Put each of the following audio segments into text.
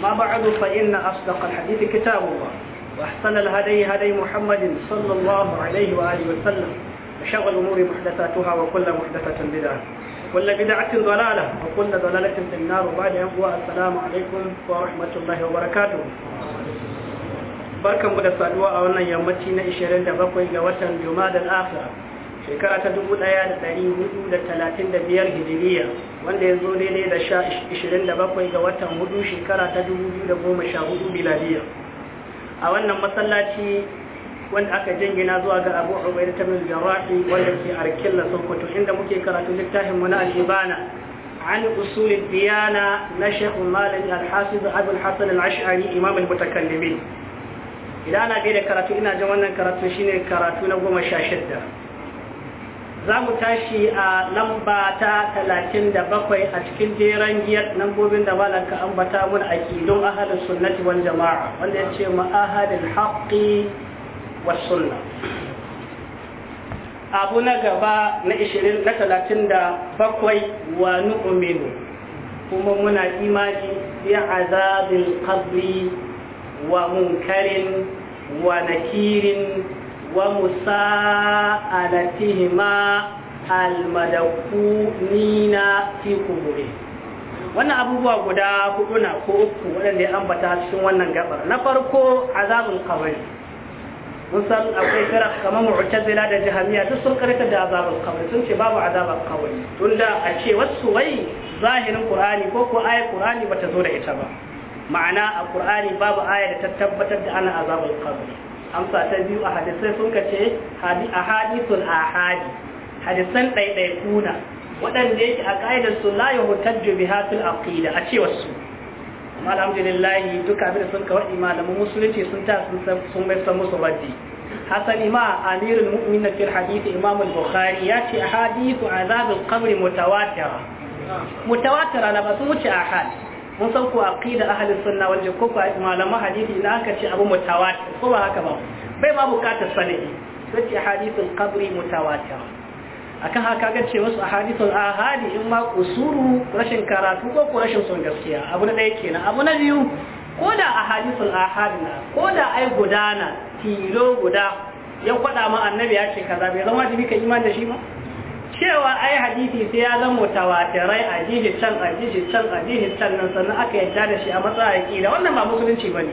أما بعد فإن أصدق الحديث كتاب الله وأحسن الهدي هدي محمد صلى الله عليه وآله وسلم وشر الأمور محدثاتها وكل محدثة بدعة وكل بدعة ضلالة وكل ضلالة في النار وبعد أبوها السلام عليكم ورحمة الله وبركاته barkan mu da saduwa a wannan yammaci na 27 ga watan Juma'a al-Akhir shekara ta 1435 hijiriya wanda ya zo daidai da 27 ga watan hudu shekara ta 2014 biladiya a wannan matsalaci wanda aka jingina zuwa ga abu abu da tabin jarafi wanda ke arkin na sokoto inda muke karatu littafin muna alibana an usul diyana na shekul malami alhassan abin hassan al'ashari imamul mutakallimi idan ana daidai karatu ina jin wannan karatu shine karatu na goma sha shidda za mu tashi a lamba ta talatin da bakwai a cikin jeran giyar lambobin da ka ambata mun a kidon ahalin sunnati wal jama'a wanda ya ce ma ahalin haƙƙi wa sunna abu na gaba na 20 na talatin da bakwai wa nu'minu kuma muna imani ya azabin qabri wa munkarin wa nakirin ومساءلتهما المدفونين في قبورهم wannan abubuwa guda hudu na ko uku waɗanda ya ambata cikin wannan gabar na farko azabul qabr mun san akwai kira kamar mu'tazila da jahamiya duk sun karanta da azabin qabr sun ce babu azabul Tun tunda a ce wasu wai zahirin qur'ani ko ko ayat qur'ani bata zo da ita ba ma'ana a qur'ani babu aya da ta tabbatar da ana azabin qabr amsa ta biyu a hadisai sun ka ce a hadisun a hadi hadisan kuna waɗanda yake a ƙa'idar su la ya hutar jubi hatul aqida a cewar su amma alhamdulillah duka abin da sun kawar waɗi musulunci sun ta sun bai san musu raddi hasan ima amirul mu'minin fil hadith imam bukhari ya ce hadithu azabul qabr mutawatira mutawatira na ba sun wuce ahad mun san ko aqida ahalin sunna wal jamaa ko malaman hadisi idan aka ce abu mutawatir ko ba haka ba bai ma bukatar sanadi sai ce hadithul qabri mutawatir akan haka ga ce wasu ahadithul ahadi in ma kusuru rashin karatu ko ko rashin son gaskiya abu na ɗaya kenan abu na biyu ko da ahadithul ahadi na ko da ai gudana tilo guda ya faɗa ma annabi ya ce kaza bai zama wajibi ka imani da shi ba cewa ai hadisi sai ya zama tawatirai a jihi can a jihi can a jihi can nan sannan aka yadda da shi a matsayin ƙila wannan ba musulunci ba ne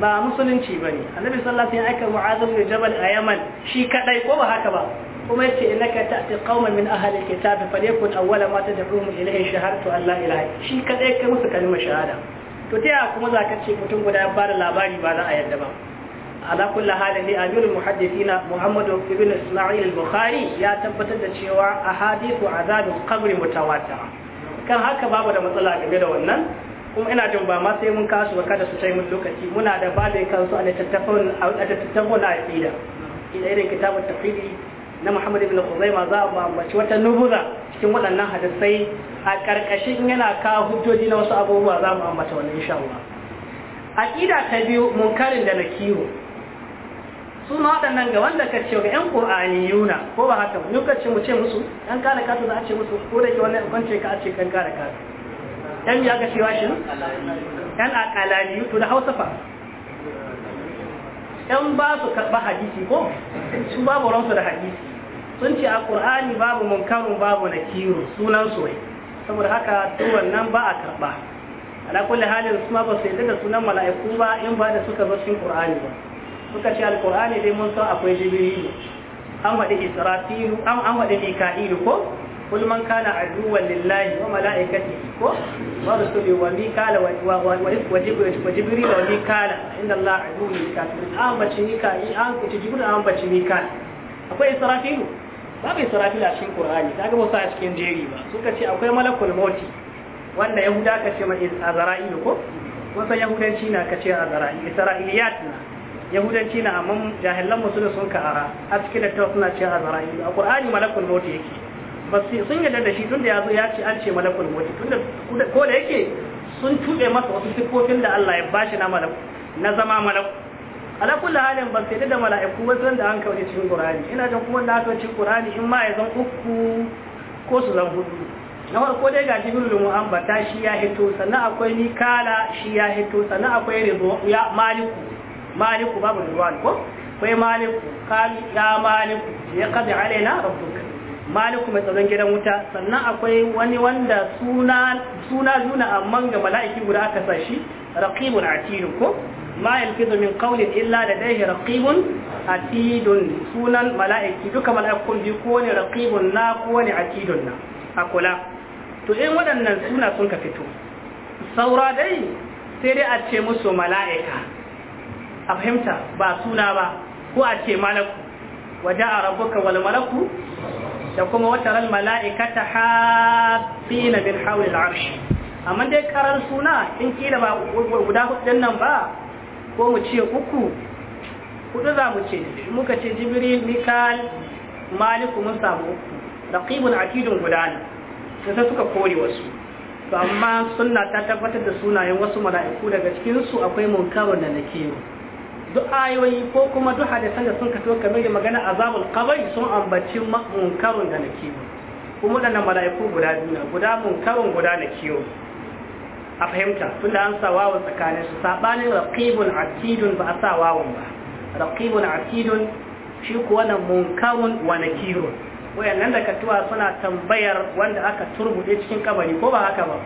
ba musulunci ba ne annabi sallallahu alaihi wasallam aika mu'azim bin jabal a yaman shi kadai ko ba haka ba kuma yace innaka ta'ti qauman min ahli alkitab falyakun awwala ma tad'uhum ilayhi shahadatu an la ilaha shi kadai kai musu kalmar shahada to ta kuma zaka ce mutum guda ya fara labari ba za a yadda ba ala kulli halin dai amirul muhaddithina muhammadu ibn isma'il al-bukhari ya tabbatar da cewa ahadithu azabin qabri mutawatira kan haka babu da matsala game da wannan kuma ina jin ba ma sai mun kasu ba kada su tai mun lokaci muna da babin kansu a littattafan a littattafan aqida irin kitabut tafsiri na Muhammad ibn Khuzaima za mu ambaci wata nubuza cikin waɗannan hadisai a ƙarƙashin yana kawo hujjoji na wasu abubuwa za mu ambata wannan insha Allah. Aqida ta biyu munkarin da kiwo. su ma waɗannan ga wanda ka ce ga 'yan ƙur'ani yuna ko ba haka ba ka ce mu ce musu 'yan ƙara kasu za a ce musu ko da ke wannan ce ka a ce kan ƙara kasu 'yan ya ga cewa shi 'yan akalani yuto da hausa fa 'yan ba su karɓa hadisi ko su babu ransu da hadisi sun ce a ƙur'ani babu munkarun babu na kiro sunan su saboda haka duk wannan ba a karɓa ala kulli halin su ma ba su yarda da sunan mala'iku ba in ba da suka zo cikin ƙur'ani ba suka ce alkur'ani dai mun san akwai jibrilu an wadi israfilu an an wadi mika'ilu ko kul man kana aduwwan lillahi wa malaikatihi ko wa rusuli wa mikala wa wa wa wa jibrilu wa mikala inna allaha aduwwun lil kafirin an bace mika'i an kuce jibrilu an bace mikala akwai israfilu babu israfilu a cikin qur'ani kaga ba sa cikin jeri ba suka ce akwai malakul mauti wanda yahuda ka ce ma azra'ilu ko wasan yahudanci na ka ce azra'il isra'iliyat na yahudanci na amma jahilan musulun sun ka ara a cikin da suna ce azra'ilu a ƙur'ani malakul maut yake ba sun yarda da shi tun da ya zo ya ce an ce malakul maut tun da ko da yake sun tuɗe masa wasu siffofin da Allah ya bashi na malaku na zama malaku ala kullu halin ba sai da mala'iku wasu da an kawai cikin ƙur'ani, ina jin kuma da aka cikin qur'ani in ma ya zan uku ko su zan hudu na farko dai ga jibril ba ta shi ya hito sannan akwai nikala shi ya hito sannan akwai rizo ya maliku maliku babu ruwan ko kai maliku kan ya maliku ya kaza alaina rabbuka maliku mai tsaron gidan wuta sannan akwai wani wanda suna suna nuna amman ga mala'iki guda aka sashi raqibun atidun ko ma yalfizu min qawlin illa ladayhi raqibun atidun sunan mala'iki duka mala'ikun bi ko ne raqibun na ko ne atidun na akula to in waɗannan suna sun ka fito saura dai sai dai a ce musu mala'ika a fahimta ba suna ba ko a ce malaku waje a rabuka wal malaku da kuma wata mala'ikata haɗi na bin hawlin arshi amma dai karar suna in kila ba guda hudun nan ba ko mu ce uku hudu za mu ce muka ce jibril mikal maliku mun samu uku ƙibin akidun guda ne sai suka kori wasu to amma suna ta tabbatar da sunayen wasu mala'iku daga cikinsu akwai munkarun da kewa duk ayoyi ko kuma duk hadisan da sun kato kamar da magana azabul qabr sun ambaci munkarun da yi kuma da mala'iku guda biyu guda munkarun guda nakiru a fahimta tun da an sa wawo tsakanin su sabanin raqibun atidun ba a sa wawon ba raqibun atidun shi kuwa wannan munkarun wa nakirun wayannan da katuwa suna tambayar wanda aka turbude cikin kabari ko ba haka ba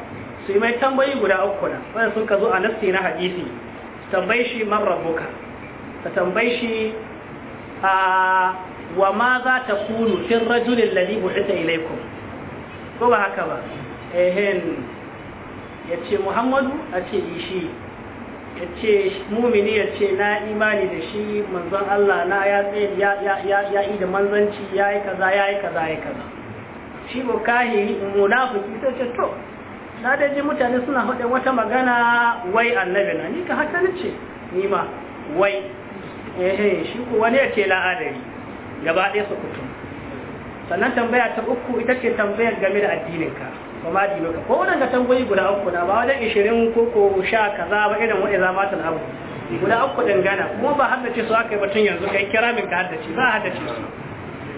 su yi mai tambayi guda uku na wanda sun ka zo a nasti na hadisi tambayi shi man rabbuka ka tambayi shi a wa ma za ta kunu fin rajulin lalli buɗita ilaikun ko ba haka ba ehen ya ce muhammadu a ce yi shi ya ce mumini ya ce na imani da shi manzon Allah na ya yi da manzanci ya yi kaza ya yi kaza ya yi kaza shi ko kahi munafiki sai ce to na mutane suna haɗe wata magana wai annabi na ni ka haka ce ni ma wai Eh, eh shi ko wani ya ce la'adari gaba ɗaya su kutum sannan tambaya ta uku ita ce tambayar game da addininka ba ma ka. ko wadanda tambayi guda uku na ba wajen ishirin ko ko sha kaza ba irin wani zama ta abu guda uku dangana kuma ba haddace su aka yi batun yanzu kai kira min ka haddace ba haddace su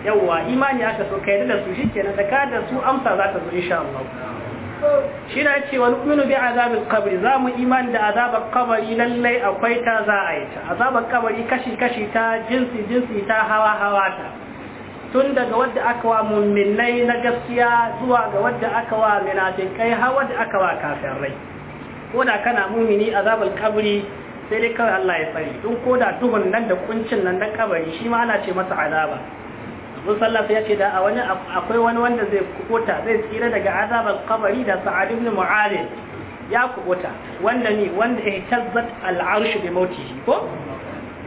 yawwa imani aka so kai da su kenan da ka da su amsa za ta zo insha Allah shi na ce wani kuminu bi azabin kabari za mu iman da azabar kabari lallai akwai ta za a yi ta azabar kabari kashi-kashi ta jinsi-jinsi ta hawa-hawa ta tun daga wadda aka wa mummunai na gaskiya zuwa ga wadda aka wa minafikai har wadda aka wa kafin rai. ko da kana mumini azabar kabari sai dai kawai Allah ya tsari tun ko da tuhun nan da kuncin nan na kabari shi ma ana ce masa azaba mun sallafa ya ce da a wani akwai wani wanda zai kubuta zai tsira daga azabar kabari da sa'ad ibn mu'adh ya kubuta wanda ne wanda ya tazzat al'arshu bi mautihi ko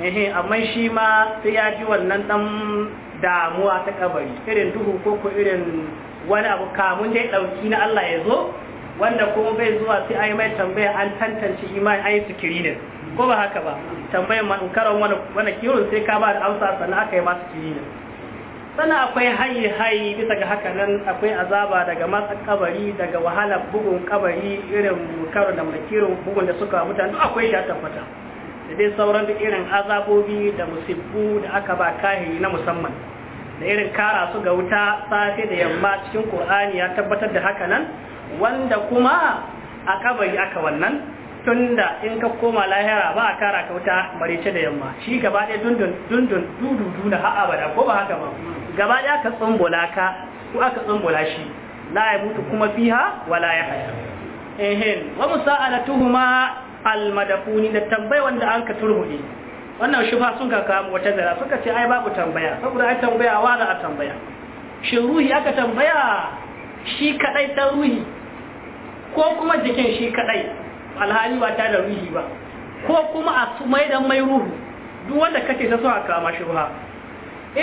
ehe amma shi ma sai ya ji wannan dan damuwa ta kabari irin duhu ko ko irin wani abu kamun dai dauki na Allah ya zo wanda kuma bai zuwa sai ai mai tambaya an tantance imani ai sikirinin ko ba haka ba tambayar ma karon wani wani kiwon sai ka ba da amsa sannan aka yi ma kirinin. sana akwai hayi hayi bisa ga haka nan akwai azaba daga matsa kabari daga wahalar bugun kabari irin karo da makirin bugun da suka mutane duk akwai ya tabbata da dai sauran duk irin azabobi da musibbu da aka ba kahiri na musamman da irin kara su ga wuta safe da yamma cikin qur'ani ya tabbatar da haka nan wanda kuma a kabari aka wannan tunda in ka koma lahira ba a kara kauta marice da yamma shi gaba ɗaya dundun dundun dududu na ha'a bada ko ba haka ba gaba ɗaya aka tsumbola ka ko aka tsumbola shi la ya mutu kuma fiha wala ya haya ehin wa musa'alatuhuma madafuni da tambayi wanda an ka turhudi wannan shi fa sun ka kawo wata zara suka ce ai babu tambaya saboda ai tambaya wa a tambaya shin ruhi aka tambaya shi kadai dan ruhi ko kuma jikin shi kadai alhali ba ta da ruhi ba ko kuma a mai da mai ruhu duk wanda kace ta so a kama shi ruha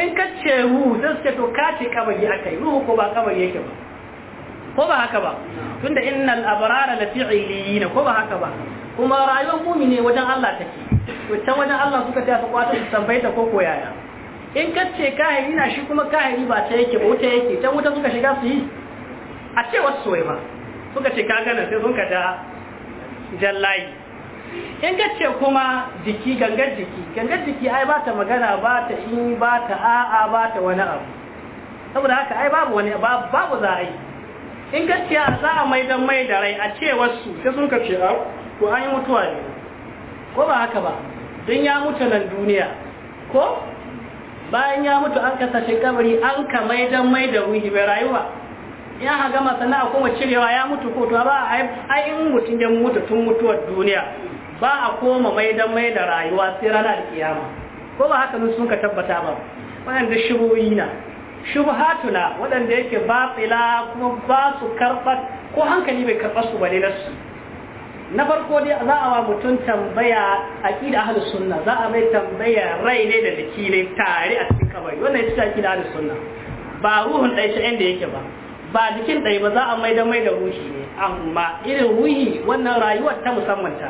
in ka ce ruhu zai ce to ka ce kabari akai ruhu ko ba kabari yake ba ko ba haka ba tunda innal abrara lafi iliyina ko ba haka ba kuma rayuwar mumine wajen Allah take to can wajen Allah suka ta fa kwata su tambayta ko koyaya in ka ce kahiri na shi kuma kahiri ba ta yake ba wuta yake can wuta suka shiga su yi a ce wasu soyayya suka ce ka gana sai sun ka da jallayi in ka ce kuma jiki gangar jiki gangar jiki ai ba ta magana ba ta in ba ta a'a ba ta wani abu saboda haka ai babu wani babu za a yi in ka ce a za a mai don mai da rai a ce wasu ta sun ka ce ko an yi mutuwa ne ko ba haka ba don ya mutu nan duniya ko bayan ya mutu an kasashe kabari an ka mai don mai da ruhi bai rayuwa in aka gama sannan a koma cirewa ya mutu ko to ba ai in mutun ya mutu tun mutuwar duniya ba a koma mai dan mai da rayuwa sai rana da kiyama ko ba haka sun ka tabbata ba da shubuyi na shubhatuna waɗanda yake batsila kuma ba su karba ko hankali bai karba su bane su? na farko dai za a wa mutum tambaya aqida ahli sunna za a mai tambaya rai ne da jiki tare a cikin kabari wannan ita aqida ahli sunna ba ruhun ɗaya shi inda yake ba ba jikin ɗaya ba za a mai da mai da ruhi ne amma irin ruhi wannan rayuwar ta musamman ta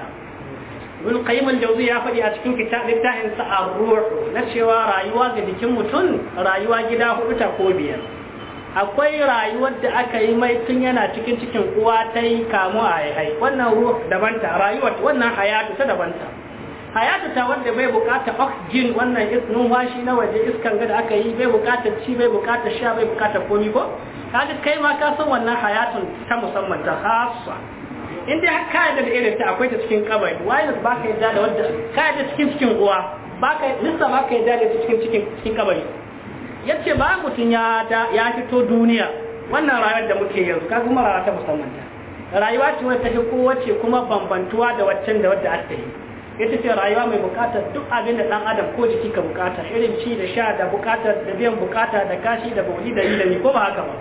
wani kaimun al ya faɗi a cikin littafin sa a na cewa rayuwa ga jikin mutum rayuwa gida hudu ta ko biyar akwai rayuwar da aka yi mai tun yana cikin cikin uwa ta yi kamu a haihai wannan ruwa daban ta rayuwar wannan hayatu ta daban ta hayatu ta wanda bai bukata oxygen wannan numfashi na waje iskan ga da aka yi bai bukatar ci bai bukatar sha bai bukatar komi ko kaji kai ma ka san wannan hayatun ta musamman ta khassa in dai ka yadda da irin ta akwai ta cikin kabari wai ba ka yadda da wanda ka yadda cikin cikin uwa ba ka lissa ba ka yadda da cikin cikin cikin kabari yace ba mutun ya ta ya fito duniya wannan rayuwar da muke yanzu ka kuma rayuwa ta musamman ta rayuwa ce wacce take kowace kuma bambantuwa da waccan da wadda aka yi ita ce rayuwa mai bukatar duk abin da dan adam ko jiki ka bukata irin ci da sha da bukatar da biyan bukata da kashi da bauli da yi da ni ko ba haka ba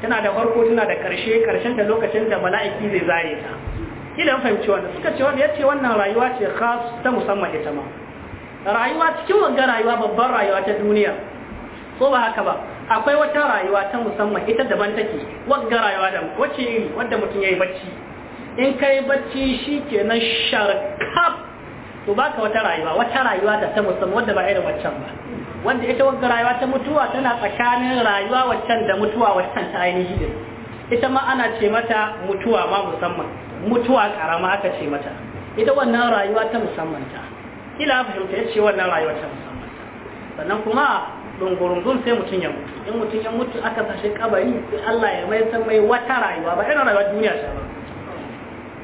tana da farko tana da karshe karshen ta lokacin da mala'iki zai zare ta kila fahimci wannan suka ce wanda yace wannan rayuwa ce khas ta musamman ita ma rayuwa cikin wannan rayuwa babban rayuwa ta duniya ko ba haka ba akwai wata rayuwa ta musamman ita daban take wagga rayuwa da wacce iri wanda mutum yayi bacci in kai bacci shikenan sharkaf to baka wata rayuwa wata rayuwa da ta musamman wanda ba irin waccan ba wanda ita wanga rayuwa ta mutuwa tana tsakanin rayuwa waccan da mutuwa waccan ta ainihi din ita ma ana ce mata mutuwa ma musamman mutuwa karama aka ce mata ita wannan rayuwa ta musamman ta ila fahimta ya ce wannan rayuwa ta musamman ta sannan kuma dungurungun sai mutum ya mutu in mutum ya mutu aka sashe kabari sai Allah ya mai san mai wata rayuwa ba irin rayuwar duniya ta ba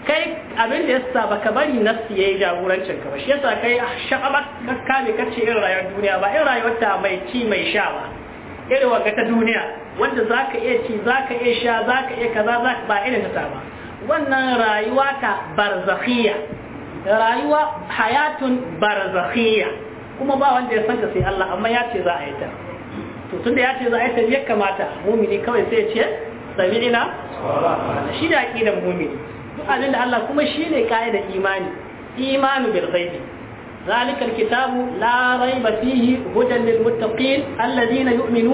kai abin da yasa baka bari nafsi yayi jagorancin ka ba shi yasa kai sha'aba ka kame kace irin rayuwar duniya ba irin rayuwar ta mai ci mai sha ba irin wanka ta duniya wanda zaka iya ci zaka iya sha zaka iya kaza ba irin ta ba wannan rayuwa ta barzakhiya rayuwa hayatun barzakhiya kuma ba wanda ya ta sai Allah amma ya ce za a yi ta to tunda ya ce za a yi ta ya kamata mumini kawai sai ya ce sami'ina shi da aqidan mumini abin da Allah kuma shine kaida imani imanu bil ghaibi kitabu الكتاب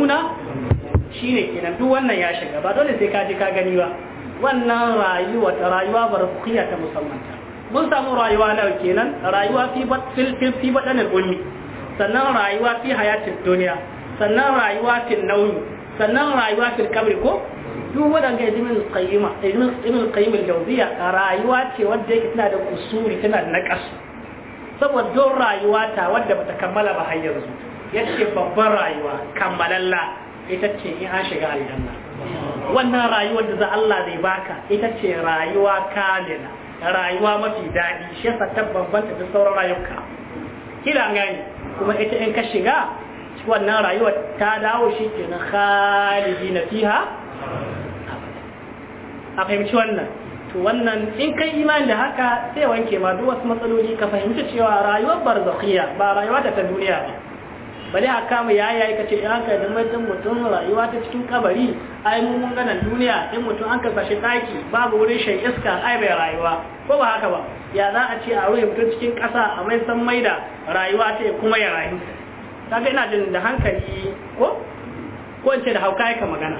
لا shine kenan duk wannan ya shiga ba dole sai ka ka gani ba wannan rayuwa ta rayuwa ta musamman ta mun samu rayuwa nawa kenan rayuwa fi fil fil fi ummi sannan rayuwa fi hayatin duniya sannan rayuwa fil sannan rayuwa fil kabri ko duk waɗanda ibn al-qayyim ibn qayyim al-jawziya rayuwa ce wanda yake tana da kusuri tana da naƙas saboda don rayuwa ta wanda bata kammala ba har yanzu yace babban rayuwa kammalalla ita ce in an shiga aljanna wannan rayuwar da za Allah zai baka ita ce rayuwa kamila rayuwa mafi daɗi shi yasa ta bambanta da sauran rayuka kila gani kuma ita in ka shiga wannan rayuwar ta dawo shi ke na khalidi na fiha a fahimci wannan to wannan in kai imani da haka sai wanke ma duk wasu matsaloli ka fahimci cewa rayuwar barzakhiya ba rayuwa ta duniya ba bale a kama yaya ka ce in aka da mutum mutum rayuwa ta cikin kabari ai mun mun duniya in mutum an kasa shi daki babu wurin shan iska ai bai rayuwa ko ba haka ba ya za a ce a wuri mutum cikin kasa a mai san maida rayuwa ta kuma ya rayu kaga ina jin da hankali ko ko in da hauka yaka ka magana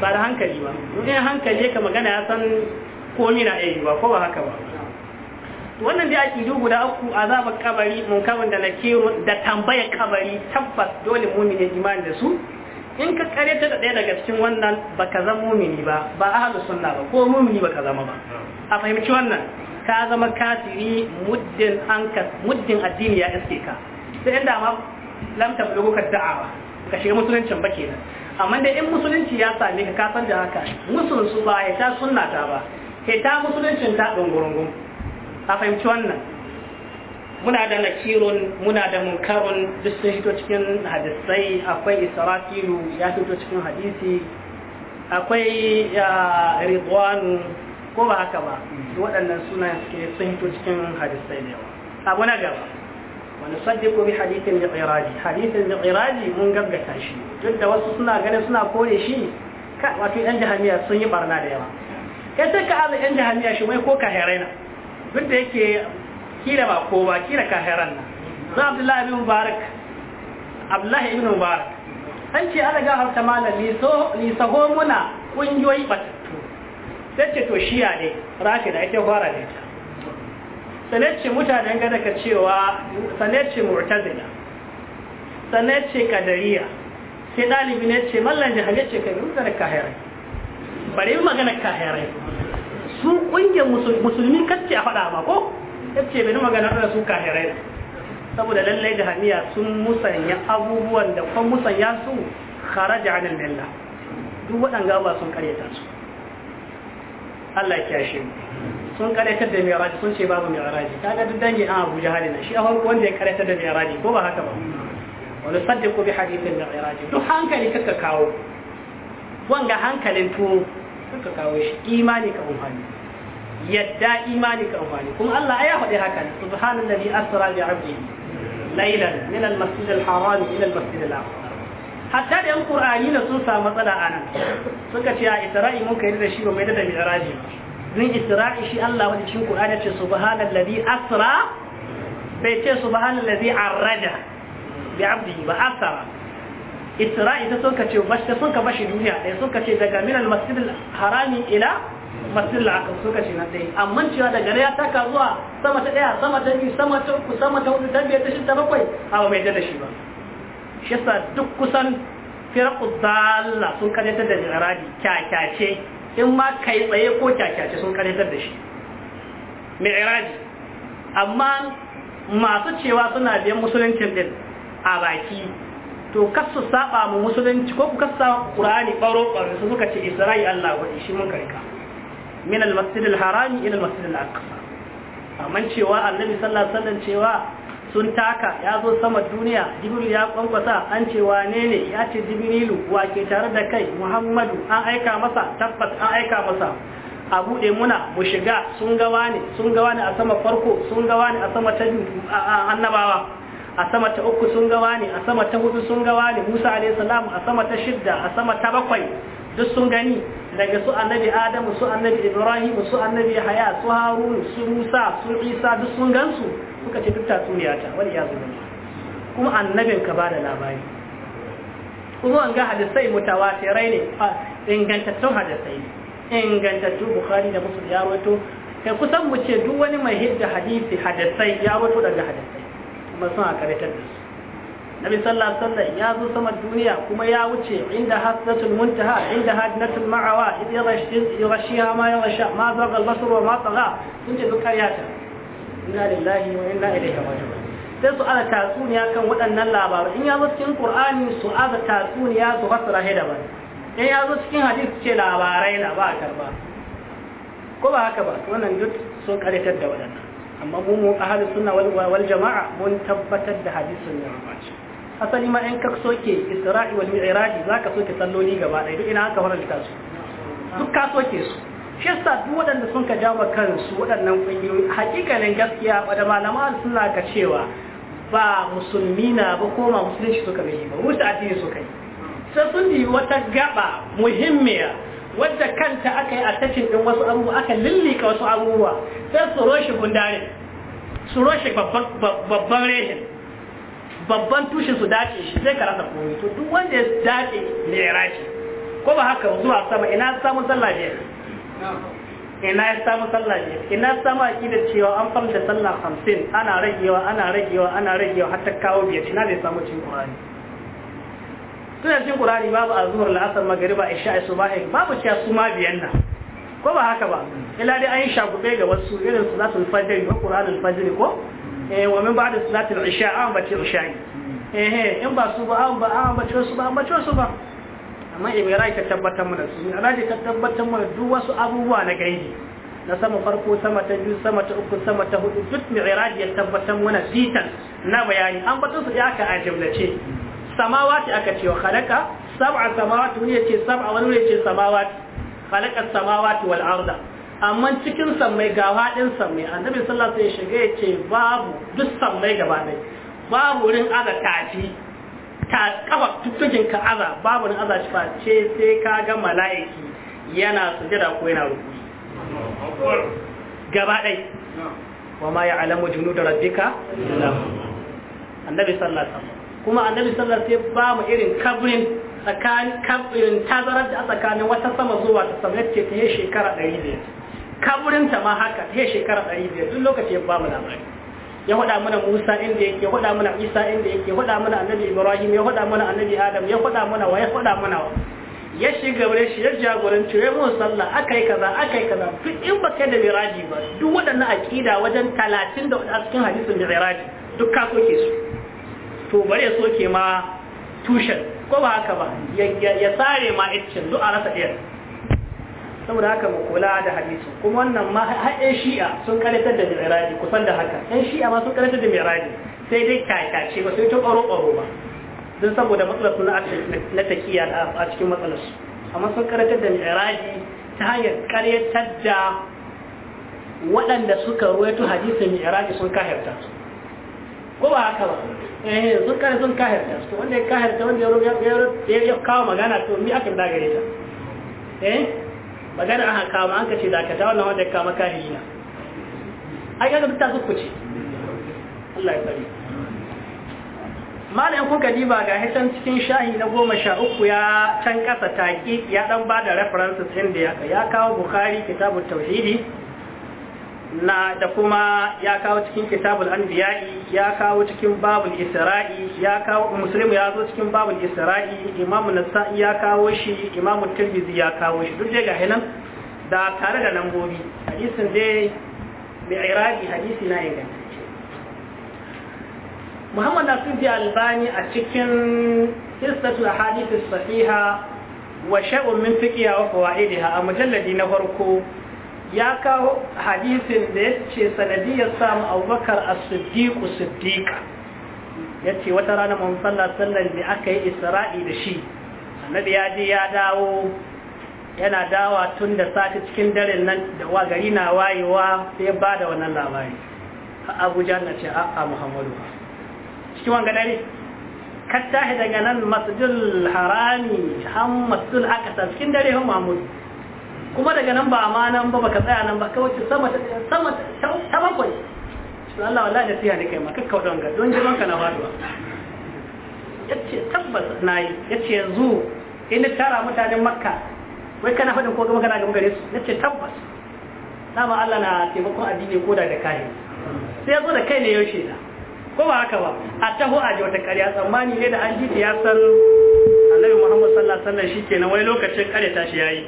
ba da hankali ba in hankali ya magana ya san komi na iya ba ko ba haka ba wannan dai aƙidu guda uku azabar kabari mun munkarin da nakirun da tambaya kabari tabbas dole mumin ya imani da su in ka karyata da ɗaya daga cikin wannan baka zama mumini ba ba ahlus sunna ba ko mumini baka zama ba a fahimci wannan ka zama kafiri muddin an ka muddin addini ya iske ka sai inda ma lam tablugu ka da'a ka shiga musulunci ba kenan amma da in musulunci ya same ka kafar da haka musulunci ba ya ta sunna ta ba ya ta musuluncin ta ɗungurungun a fahimci wannan muna da nakirun muna da munkarun duk sun fito cikin hadisai akwai israfilu ya fito cikin hadisi akwai ridwanu ko ba haka ba hmm. waɗannan suna suke sun fito cikin hadisai da yawa abu na gaba ونصدق بحديث المعراج حديث المعراج من قبل شيء جد وصلنا قال سنا كوري شيء وفي عند همية سنة برنا ديما كتك على عند همية شو ما يكون كهرنا جد هيك كيلا ما كوبا كيلا كهرنا عبد الله بن مبارك عبد الله بن مبارك أنت أنا جاهر تماما ليسو ليسو منا ونجوي بتو تتتو شيا دي راكد أتفارا دي sannan ce mutanen gada ka cewa sannan ce mu'tazila sannan ce kadariya sai dalibi ne ce mallan jihar ce kai ka kahirai bari yi magana kahirai su ƙungiyar musulmi kacce a faɗa ba ko kacce bai magana da su kahirai saboda lallai jahamiya sun musanya abubuwan da kwan musanya su kharaja anil milla duk waɗanga ba sun karyata su Allah ya kyashe mu sun karaitar da mi'raj sun ce babu mi'raj kaga duk dangi an Abu Jahal ne shi a farko wanda ya karaitar da mi'raj ko ba haka ba wa nusaddiqu bi hadithin mi'raj duk hankali kaka kawo wanga hankalin to kaka kawo shi imani ka umfani yadda imani ka umfani kuma Allah ya faɗi haka subhanallazi asra bi 'abdihi laylan min al-masjid al-haram ila al-masjid al-aqsa hatta da yan qur'ani sun samu matsala anan suka ce a isra'i mun kai da shi ba mai da mi'raji ba don isra'i shi Allah wani cikin Qur'ani ce subhanal ladhi asra bai ce subhanal ladhi arraja bi abdihi ba asra isra'i ta sun kace bashi sun ka bashi duniya dai sun ce daga min al masjid al harami ila masjid al aqsa sun kace nan dai amma cewa daga ya taka zuwa sama ta daya sama ta biyu sama ta uku sama ta hudu ta biyar ta shida bakwai a bai da shi ba shi yasa duk kusan firqud dalla sun kaje ta da jiradi kyakyace in ma kai tsaye ko kyakyace sun karantar da shi iraji amma masu cewa suna biyan musuluncin din a baki to kasu saba mu musulunci ko ku kasa qur'ani baro baro su suka ce isra'i Allah wa shi mun karka min al-masjid al harami ila al-masjid al-aqsa amma cewa annabi sallallahu alaihi wasallam cewa sun taka ya zo sama duniya jibril ya kwankwasa an ce wane ne ya ce jibrilu ke tare da kai muhammadu an aika masa tabbas an aika masa a buɗe muna mu shiga sun gawa ne sun gawa ne a sama farko sun gawa ne a sama ta annabawa a sama ta uku sun gawa ne a sama ta hudu sun gawa ne musa alayhi salam a sama ta shidda a sama ta bakwai duk sun gani daga su annabi adamu su annabi ibrahim su annabi haya su harun su musa su isa duk sun gansu suka ce duk tatsuniya wani ya zuwa kuma annabin ka bada labari kuma an ga hadisai mutawatirai ne ingantattun hadisai ingantattun bukhari da musul ya wato kai kusan mu ce duk wani mai hidda hadisi hadisai ya wato daga hadisai kuma suna karatar da su Nabi sallallahu alaihi wasallam ya zo sama duniya kuma ya wuce inda hasratul muntaha inda hadnatul ma'awa idh yarashiha ma yarasha ma zaqa al-basr wa ma tagha sun ce duk karyata inna lillahi wa inna ilaihi raji'un sai su ala tatsuniya kan waɗannan labarai in ya zo cikin qur'ani su ala tatsuniya su fassara shi daban in ya zo cikin hadis ce labarai na ba a karba ko ba haka ba wannan duk sun karitar da waɗannan amma mu mu ahlus sunna wal wal jama'a mun tabbatar da hadisin ya rubaci asali ma in ka soke isra'i wal mi'raji zaka soke salloli gaba ɗaya duk ina aka faranta su duk ka soke su shi yasa duk waɗanda sun ka jawa kansu waɗannan ƙungiyoyi hakikalin gaskiya wadda malama suna ka cewa ba musulmi na ba ko ma musulunci suka yi ba musu addini suka yi sai sun yi wata gaba muhimmiya wadda kanta aka yi a tashin ɗin wasu abubuwa aka lillika wasu abubuwa sai su roshe gundare su roshe babban rehin babban tushen su dace shi sai ka rasa komai to duk wanda ya dace ne ya rashi ko ba haka zuwa sama ina samun sallah biyar ina ya samu sallah ne ina samu akidar cewa an famta sallah hamsin ana ragewa ana ragewa ana ragewa har ta kawo biyar ina bai samu cin qur'ani tunan cin qur'ani babu azhar la'asar magriba isha subahi babu cewa su ma biyan nan ko ba haka ba ila dai an yi shagube ga wasu irin su fajiri ko qur'anul fajiri ko eh wa min ba'da salatul isha an bace isha eh, eh in ba su ba an ba an bace su ba an bace su ba amma rai ta tabbatar mana su alhaji ta tabbatar mana duk wasu abubuwa na gaibi na sama farko sama ta biyu sama ta uku sama ta hudu duk mi'raj ya tabbatar mana titan na bayani an batun su ya ka ajiblace samawati aka ce wa khalaqa sab'a samawati wani yace sab'a wani yace samawati khalaqa samawati wal arda amma cikin sammai ga hadin sammai annabi sallallahu alaihi wasallam ya shiga yace babu duk sammai gaba ɗaya babu wurin aga tafi ta kafa tuttukin ka aza babu nan aza shi fa ce sai ka ga mala'iki yana sujada ko yana ruku gaba dai wa ma ya'lamu junuda rabbika annabi sallallahu alaihi wasallam kuma annabi sallallahu alaihi wasallam ba mu irin kabrin tsakanin kabrin tazarar da tsakanin wata sama zuwa ta sama ce ta shekara 100 kabrin ta ma haka ta shekara 100 duk lokaci ya ba mu labari ya faɗa mana Musa inda yake ya faɗa mana Isa inda yake ya faɗa mana Annabi Ibrahim ya faɗa mana Annabi Adam ya faɗa mana wa ya faɗa mana wa ya shiga bare shi ya jagoranci ya mun sallah akai kaza akai kaza duk in baka da miraji ba duk waɗannan aqida wajen 30 da a cikin hadisin miraji duk ka soke su to bare ya soke ma tushen ko ba haka ba ya sare ma iccin duk a rasa ɗaya saboda haka mu kula da hadisi kuma wannan ma har haɗin shi'a sun karatar da mi'raji kusan da haka ɗan shi'a ma sun karatar da mi'raji sai dai kakace ba sai ta ƙwaro ƙwaro ba don saboda matsalar suna na takiya a cikin matsalar su amma sun karatar da mi'raji ta hanyar karyatar da waɗanda suka ruwaito hadisin mi'raji sun kahirta ko ba haka ba eh sun kare sun kahirta su wanda ya kahirta wanda ya kawo magana to mi aka da gare ta eh magana aka ma an ka ce dakata wannan wanda ka kama hina ai ga ta su kuce Allah ya tsare malamin kuka diba ga hitan cikin shahi na goma sha uku ya can kasa taki ya dan bada references din da ya kawo bukhari kitabut tauhidi na da kuma ya kawo cikin kitabul anbiya'i ya kawo cikin babul isra'i ya kawo muslimu ya zo cikin babul isra'i imamu nasa'i ya kawo shi imamu tirmidhi ya kawo shi duk ga hinan da tare da lambobi hadisin dai bi iraki hadisi na inganta Muhammad Nasir Albani a cikin Hisatul Ahadith Sahiha wa shay'un min fiqhiha wa fawaidiha a mujalladi na farko ya kawo hadisin da ya ce sanadiyar samu abubakar a siddiƙu siddiƙa ya ce wata rana mun sallar sallar da aka yi isra'i da shi annabi ya je ya dawo yana dawa tun da sati cikin daren nan da wa gari na wayewa sai ba da wannan labari a abuja na ce a'a muhammadu cikin wanga dare ka tashi daga nan masjidul harami han masjidul akasa cikin dare han muhammadu kuma daga nan ba ma nan ba baka tsaya nan ba kawai sama sama ta bakwai shi Allah wallahi da tiya ne kai ma kakka don ga don jiran ka na baduwa yace tabbas nayi yace yanzu in tara mutanen makka wai kana fadin ko kuma kana gaba gare su yace tabbas dama Allah na taimakon addini ko da da kai sai yazo da kai ne yaushe da ko ba haka ba a taho a ji wata ƙarya tsammani ne da an ji ta ya san annabi Muhammad sallallahu alaihi wasallam shikenan wai lokacin ƙarya ta shi yayi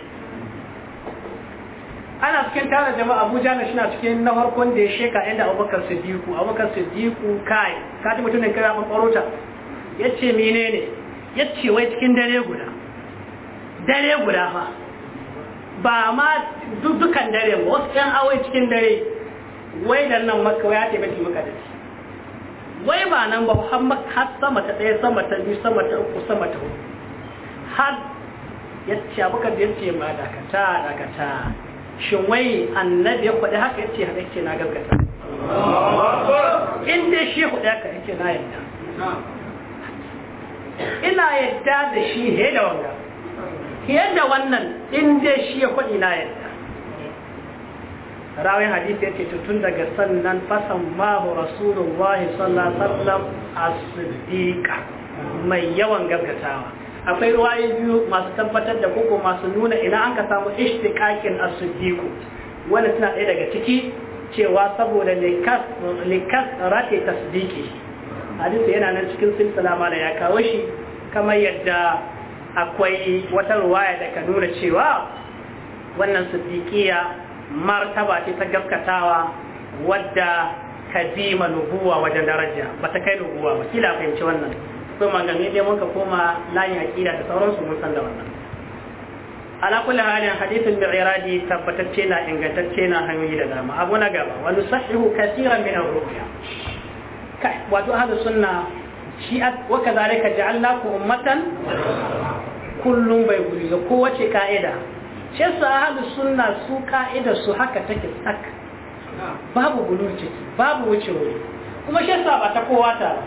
ana cikin tara jama'a abu jana shi na cikin na farkon da ya sheka inda abubakar siddiku abubakar siddiku kai ka mutum mutumin kira ban kwarota ya ce mine ne ya ce wai cikin dare guda dare guda fa ba ma dukkan dare ba wasu yan awai cikin dare wai da nan makka ya ce bai maka da shi wai ba nan ba har sama ta ɗaya sama ta biyu sama ta uku sama ta hudu har ya ce abubakar da ya ce ma dakata dakata shin wai annabi ya faɗi haka yace haka yake na gaskata in dai shi faɗi haka yake na yadda ina yadda da shi he da wanga fiye da wannan in dai shi ya faɗi na yadda rawin hadisi yace tun daga sannan fasan mahu rasulullahi sallallahu alaihi wasallam as siddiq mai yawan gaskatawa akwai ruwaye biyu masu tabbatar da koko masu nuna ina an ka samu ishtiqaqin as-siddiq wanda suna ɗaya daga ciki cewa saboda likas likas rate tasdiki hadisi yana nan cikin silsila ma da ya kawo shi kamar yadda akwai wata ruwaya da ka nuna cewa wannan siddiqiya martaba ce ta gaskatawa wadda kadima nubuwa wajen daraja bata kai nubuwa ba kila fahimci wannan akwai maganganu dai muka koma layin aƙida da sauransu mun san da wannan ala kulli halin hadithul mi'radi tabbatacce na ingantacce na hanyoyi da dama abu na gaba wa nusahihu kaseeran min ar-ru'ya kai wato ahlu sunna shi wa kadhalika ja'alnakum ummatan kullum bai guri ga kowace ka'ida shi yasa ahlu sunna su ka'ida su haka take tsaka babu gulu ciki babu wuce wuri kuma shi yasa ba ta kowa ta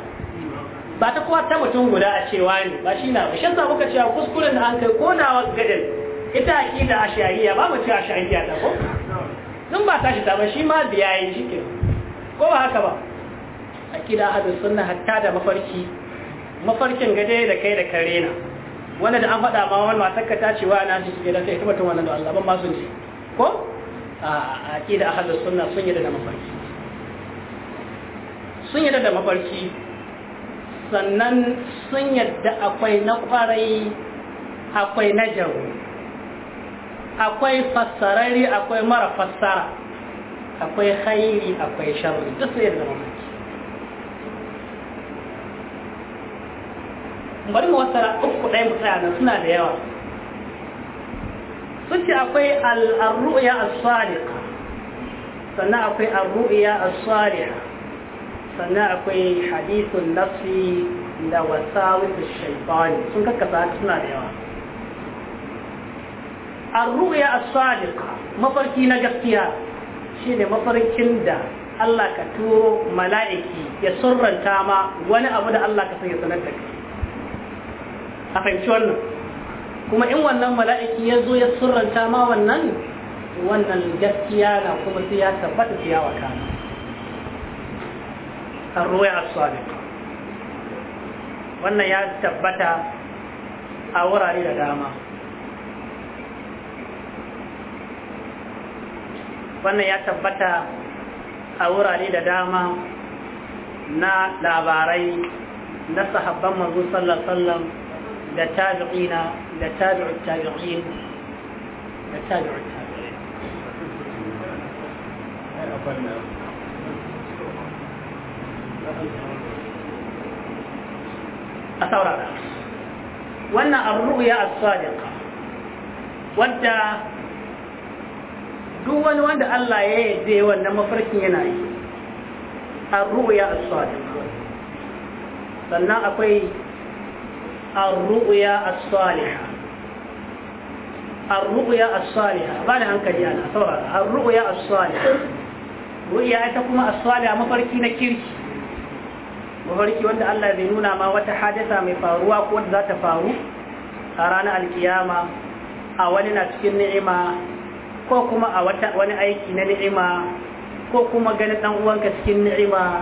ba ta kowa ta mutum guda a cewa ne ba shi na ba shan muka cewa kuskuren da an kai konawa gadal ita da a shari'a ba mu ci a shari'a ta ko sun ba tashi ta ba shi ma biyayi shi ke ko ba haka ba A aƙida hadin sunna hatta da mafarki mafarkin gade da kai da kare na wanda da an faɗa ma wani matakka ta cewa na shi ke da sai kuma tun wannan da Allah ban ma sun ce ko a aƙida hadin sunna sun yi da mafarki sun yi da mafarki sannan sun yadda akwai na kwarai akwai na jaru akwai fassarari akwai mara fassara akwai khairi akwai sharri duk sai da mamaki bari mu wasara uku dai mu tsaya nan suna da yawa suke ce akwai al-ru'ya as-sadiqa sannan akwai al ruya as-saliha sannan akwai hadithun nafsi da wasa wasawisu shaitani sun kakkasa suna da yawa ar-ru'ya as-sadiqa mafarki na gaskiya shine mafarkin da Allah ka turo mala'iki ya surranta ma wani abu da Allah ka sanya sanar da kai a fahimci wannan kuma in wannan mala'iki ya zo ya surranta ma wannan wannan gaskiya na kuma sai ya tabbata ciyawa kana الرويع الصادقة wannan ya tabbata a wurare da dama wannan na labarai na sahabban manzo sallallahu da tabi'ina da tabi'in da tabi'in a saurara wannan arruya as-sadiqa wanda duk wani wanda Allah ya yarda wannan mafarkin yana yi arruya as-sadiqa sannan akwai arruya as-saliha arruya as-saliha ba da hankali ana saurara arruya as-saliha ruya ita kuma as a mafarki na kirki mafarki wanda Allah zai nuna ma wata hadisa mai faruwa ko wanda za ta faru a ranar alkiyama a wani na cikin ni'ima ko kuma a wata wani aiki na ni'ima ko kuma ganin dan uwanka cikin ni'ima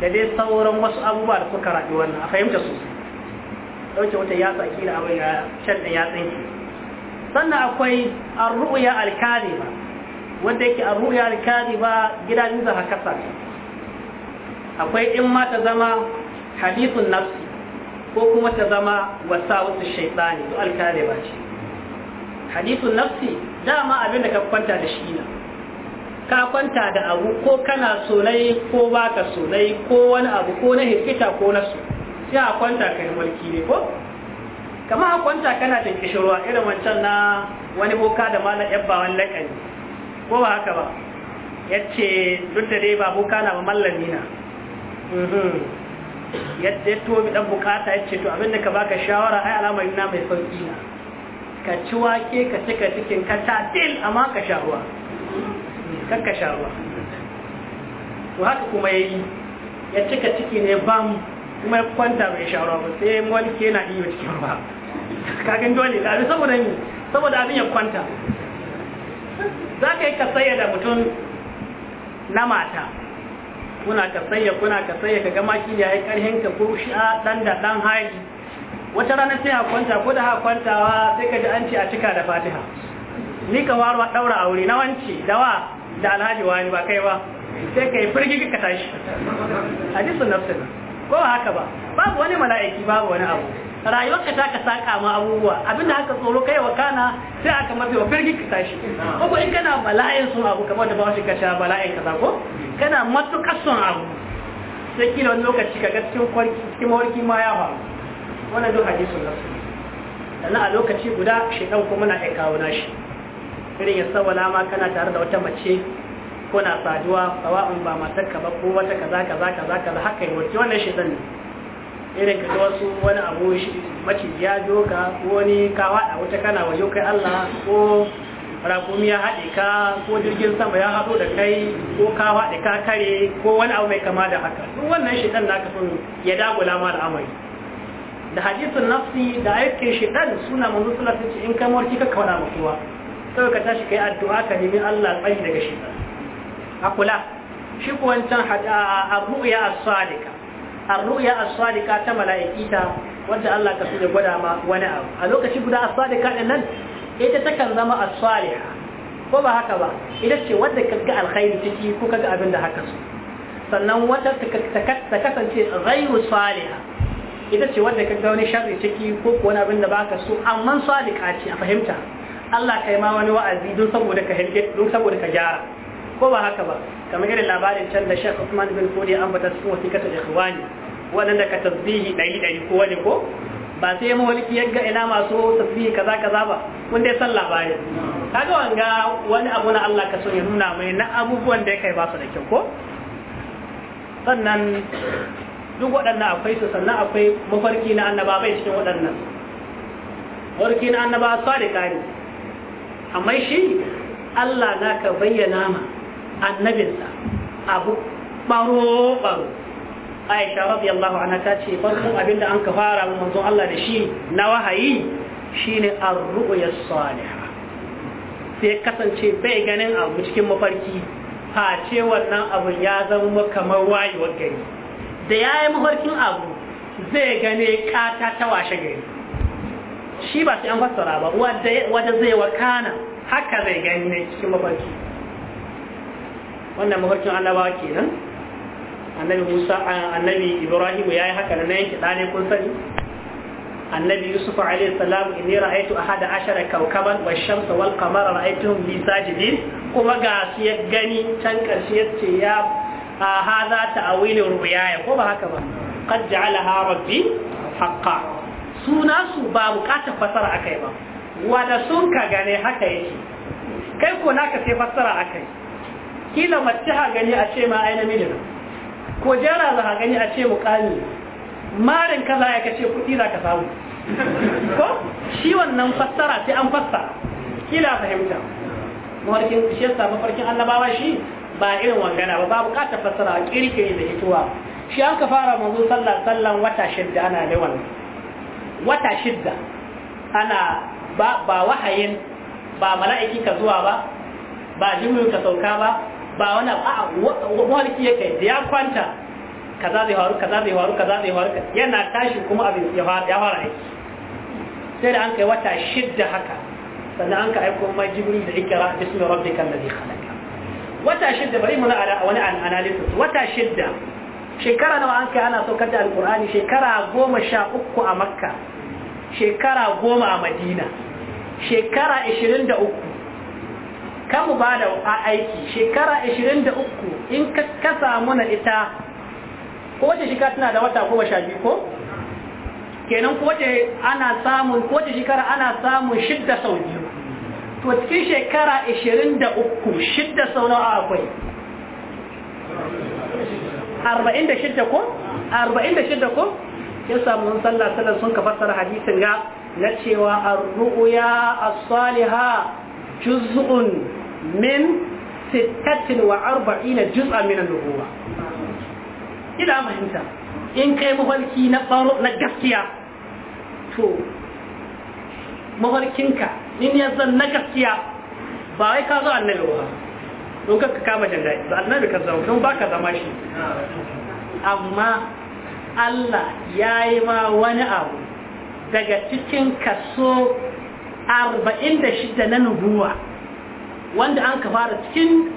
da dai sauran wasu abubuwa da suka rabi wannan a fahimta su dauke wata yatsa kila abin ya shan da yatsa ki sannan akwai arru'ya alkaliba wanda yake arru'ya alkaliba gidajen zaka kasa akwai in ma ta zama hadithun nafsi ko kuma ta zama wasu shaitani to alkare ba ce hadithun nafsi dama abin da ka kwanta da shi ne. ka kwanta da abu ko kana sonai ko baka sonai ko wani abu ko na hirkita ko na su sai a kwanta ka yi mulki ne ko kama a kwanta kana da kishirwa irin wancan na wani boka da na yabba wani lakani ko ba haka ba yace duk da dai ba boka na mallami na Mhm. yadda ya tobi dan bukata ya ce to abinda ka baka shawara ai alamar na mai sauki na ka ci wake ka cika cikin ka tatil amma ka sha ruwa kan ka sha ruwa to haka kuma ya yi, ya cika ciki ne bam kuma ya kwanta mai sha ruwa ba sai wani ke na iya cikin ruwa kagan dole abin saboda yi saboda abin ya kwanta za ka yi ka sayar da mutum na mata kuna ka sayya kuna ka sayya ka gama shi yi karhin ka ko shi a dan da dan haji wata rana sai ha kwanta ko da ha kwantawa sai ka ji an ce a cika da Fatiha ni ka warwa daura aure na wanci wa da alhaji wani ba kai ba sai kai firgigi ka tashi hadisun nafsin ko haka ba babu wani mala'iki babu wani abu rayuwarka ta ka saka ma abubuwa abinda haka tsoro kai wa kana sai aka mafi wa firgi ka tashi ko in kana bala'in sun abu kamar da ba shi ka sha bala'in ka ko kana matukar sun abu sai kila wani lokaci ka ga cikin kwarki cikin warki ma ya faru wannan duk hadisun nasu sannan a lokaci guda shekan kuma na kai kawo nashi irin ya wala ma kana tare da wata mace ko na saduwa sawa'un ba matarka ba ko wata kaza kaza kaza kaza haka yi wacce wannan shi ne irin ka ga wasu wani abu shi maciji ya doka ko wani kawa a wata kana wayo kai Allah ko rakumi ya haɗe ka ko jirgin sama ya haɗo da kai ko ka haɗe ka kare ko wani abu mai kama da haka duk wannan shaitan na aka sun ya dagula ma al'amari da hadisin nafsi da aikin shaitan suna manzo sallallahu ce in kai mawarki ka kauna mutuwa sai ka tashi kai addu'a ka nemi Allah tsari daga A akula shi kuwancan hada abu ya as الرؤيا الصادقة تما لا يكيتا wadda Allah ka so ya gwada ma wani abu a lokaci guda as-sadiqa din nan ita takan zama as-saliha ko ba haka ba ita ce wadda ka ga alkhairi ciki ko ka ga abin da haka su sannan wata ta kasance ghairu saliha ita ce wadda ka ga wani sharri ciki ko ko wani abin da baka so amma sadiqa ce a fahimta Allah kai ma wani wa'azi don saboda ka hirge don saboda ka gyara ko ba haka ba kamar irin labarin can da shek Usman bin kodi an bata cikin da ikhwani wadanda ka tasbihi ɗari ɗari ko wani ko ba sai mawaliki ya ga ina masu tasbihi kaza kaza ba kun dai san labarin kaga wanga wani abu na Allah ka so ya nuna mai na abubuwan da ya kai ba su da kyau ko sannan duk waɗannan akwai su sannan akwai mafarki na annaba bai cikin waɗannan mafarki na annaba sadika ne amma shi Allah na ka bayyana ma annabinsa abu baro baro aisha radiyallahu anha ta ce farkon abinda an ka fara mu manzon Allah da shi na wahayi shine ar-ru'ya salihah sai kasance bai ganin abu cikin mafarki face wannan abu ya zama kamar wayewar gari da yayi mafarkin abu zai gane kata ta washe gari shi ba sai an fassara ba wanda zai wakana haka zai gani ne cikin mafarki wannan mafarkin annabawa kenan annabi musa annabi ibrahim ya yi haka na yanke ɗane kun sani annabi yusuf alayhi salam inni ra'aytu ahada ashara kawkaban wa shamsa wal qamara ra'aytuhum li sajidin kuma ga su ya gani can karshe yace ya hadha ta'wilu ru'yaya ko ba haka ba qad ja'alaha rabbi haqqan suna su ba bukatar fasara akai ba wanda sun ka gane haka yake kai ko naka sai fasara akai kila mace ha gani a ce ma ai namiji ko jara za ha gani a ce mukami marin kaza ya kace kuɗi za ka samu ko shi wannan fassara sai an fassa, kila fahimta mafarkin shi yasa mafarkin annabawa shi ba irin wangana ba ba bukatar fassara kirkiri da hituwa shi an ka fara manzo sallah, sallan wata shidda ana da wannan wata shidda ana ba ba wahayin ba mala'iki ka zuwa ba ba jimin ka sauka ba ba wani a walki yake da ya kwanta kaza zai faru kaza zai faru kaza zai faru yana tashi kuma abin ya fara ya fara aiki sai da an kai wata shidda haka sannan an ka aiko mai jibril da ikra bismi rabbikal ladhi khalaqa wata shidda bari mu na wani analysis wata shidda shekara nawa an kai ana saukar da alkur'ani shekara goma sha uku a makka shekara goma a madina shekara ishirin da uku kamu ba da aiki shekara 23 in ka samu na ita kowace shekara tana da wata goma sha ko kenan kowace ana samun kowace shekara ana samun shidda sau biyu to cikin shekara 23 shidda sau akwai 46 ko 46 ko ya samu sallah sallah sun ka fassara hadisin ga na cewa ar-ru'ya a salihah juz'un min 46 juz'a min an-nubuwa ila mahimta in kai mafarki na gaskiya to mafarkinka in ya na gaskiya ba wai ka zo annabi ba don ka kama jin ka zama don ba ka zama amma Allah ya yi ma wani abu daga cikin kaso 46 na nubuwa wanda an ka fara cikin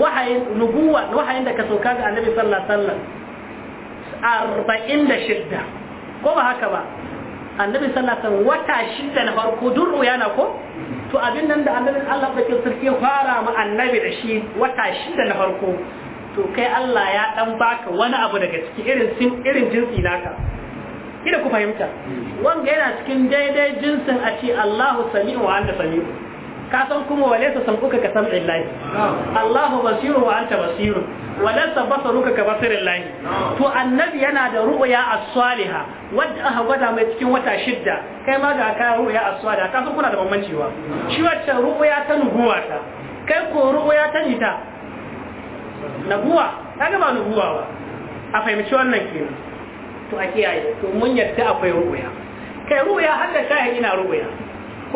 wahayin nubuwa wahayin da ka sauka ga annabi sallallahu alaihi arba'in da shidda ko ba haka ba annabi sallallahu alaihi wata shidda na farko duk ruyana ko to abin nan da annabi Allah da ke sarki fara ma annabi da shi wata shidda na farko to kai Allah ya dan baka wani abu daga ciki irin irin jinsi naka kida ku fahimta hmm. wanga yana cikin daidai jinsin a ce Allahu sami'u wa anta sami'u ka san kuma wale ta sam'uka ka sam'in lahi Allahu basiru wa anta basiru wale sa basaruka ka basirin lahi to annabi yana da ru'ya as-saliha wadda aka gwada mai cikin wata shidda kai ma ga ka ru'ya as-saliha ka san kuna da bambanci wa shi wacce ru'ya ta nubuwa ta kai ko ru'ya ta nita nabuwa kaga ba nubuwa ba a fahimci wannan kenan to a kiyaye to mun yadda akwai ru'ya kai ru'ya har da shahidi na ru'ya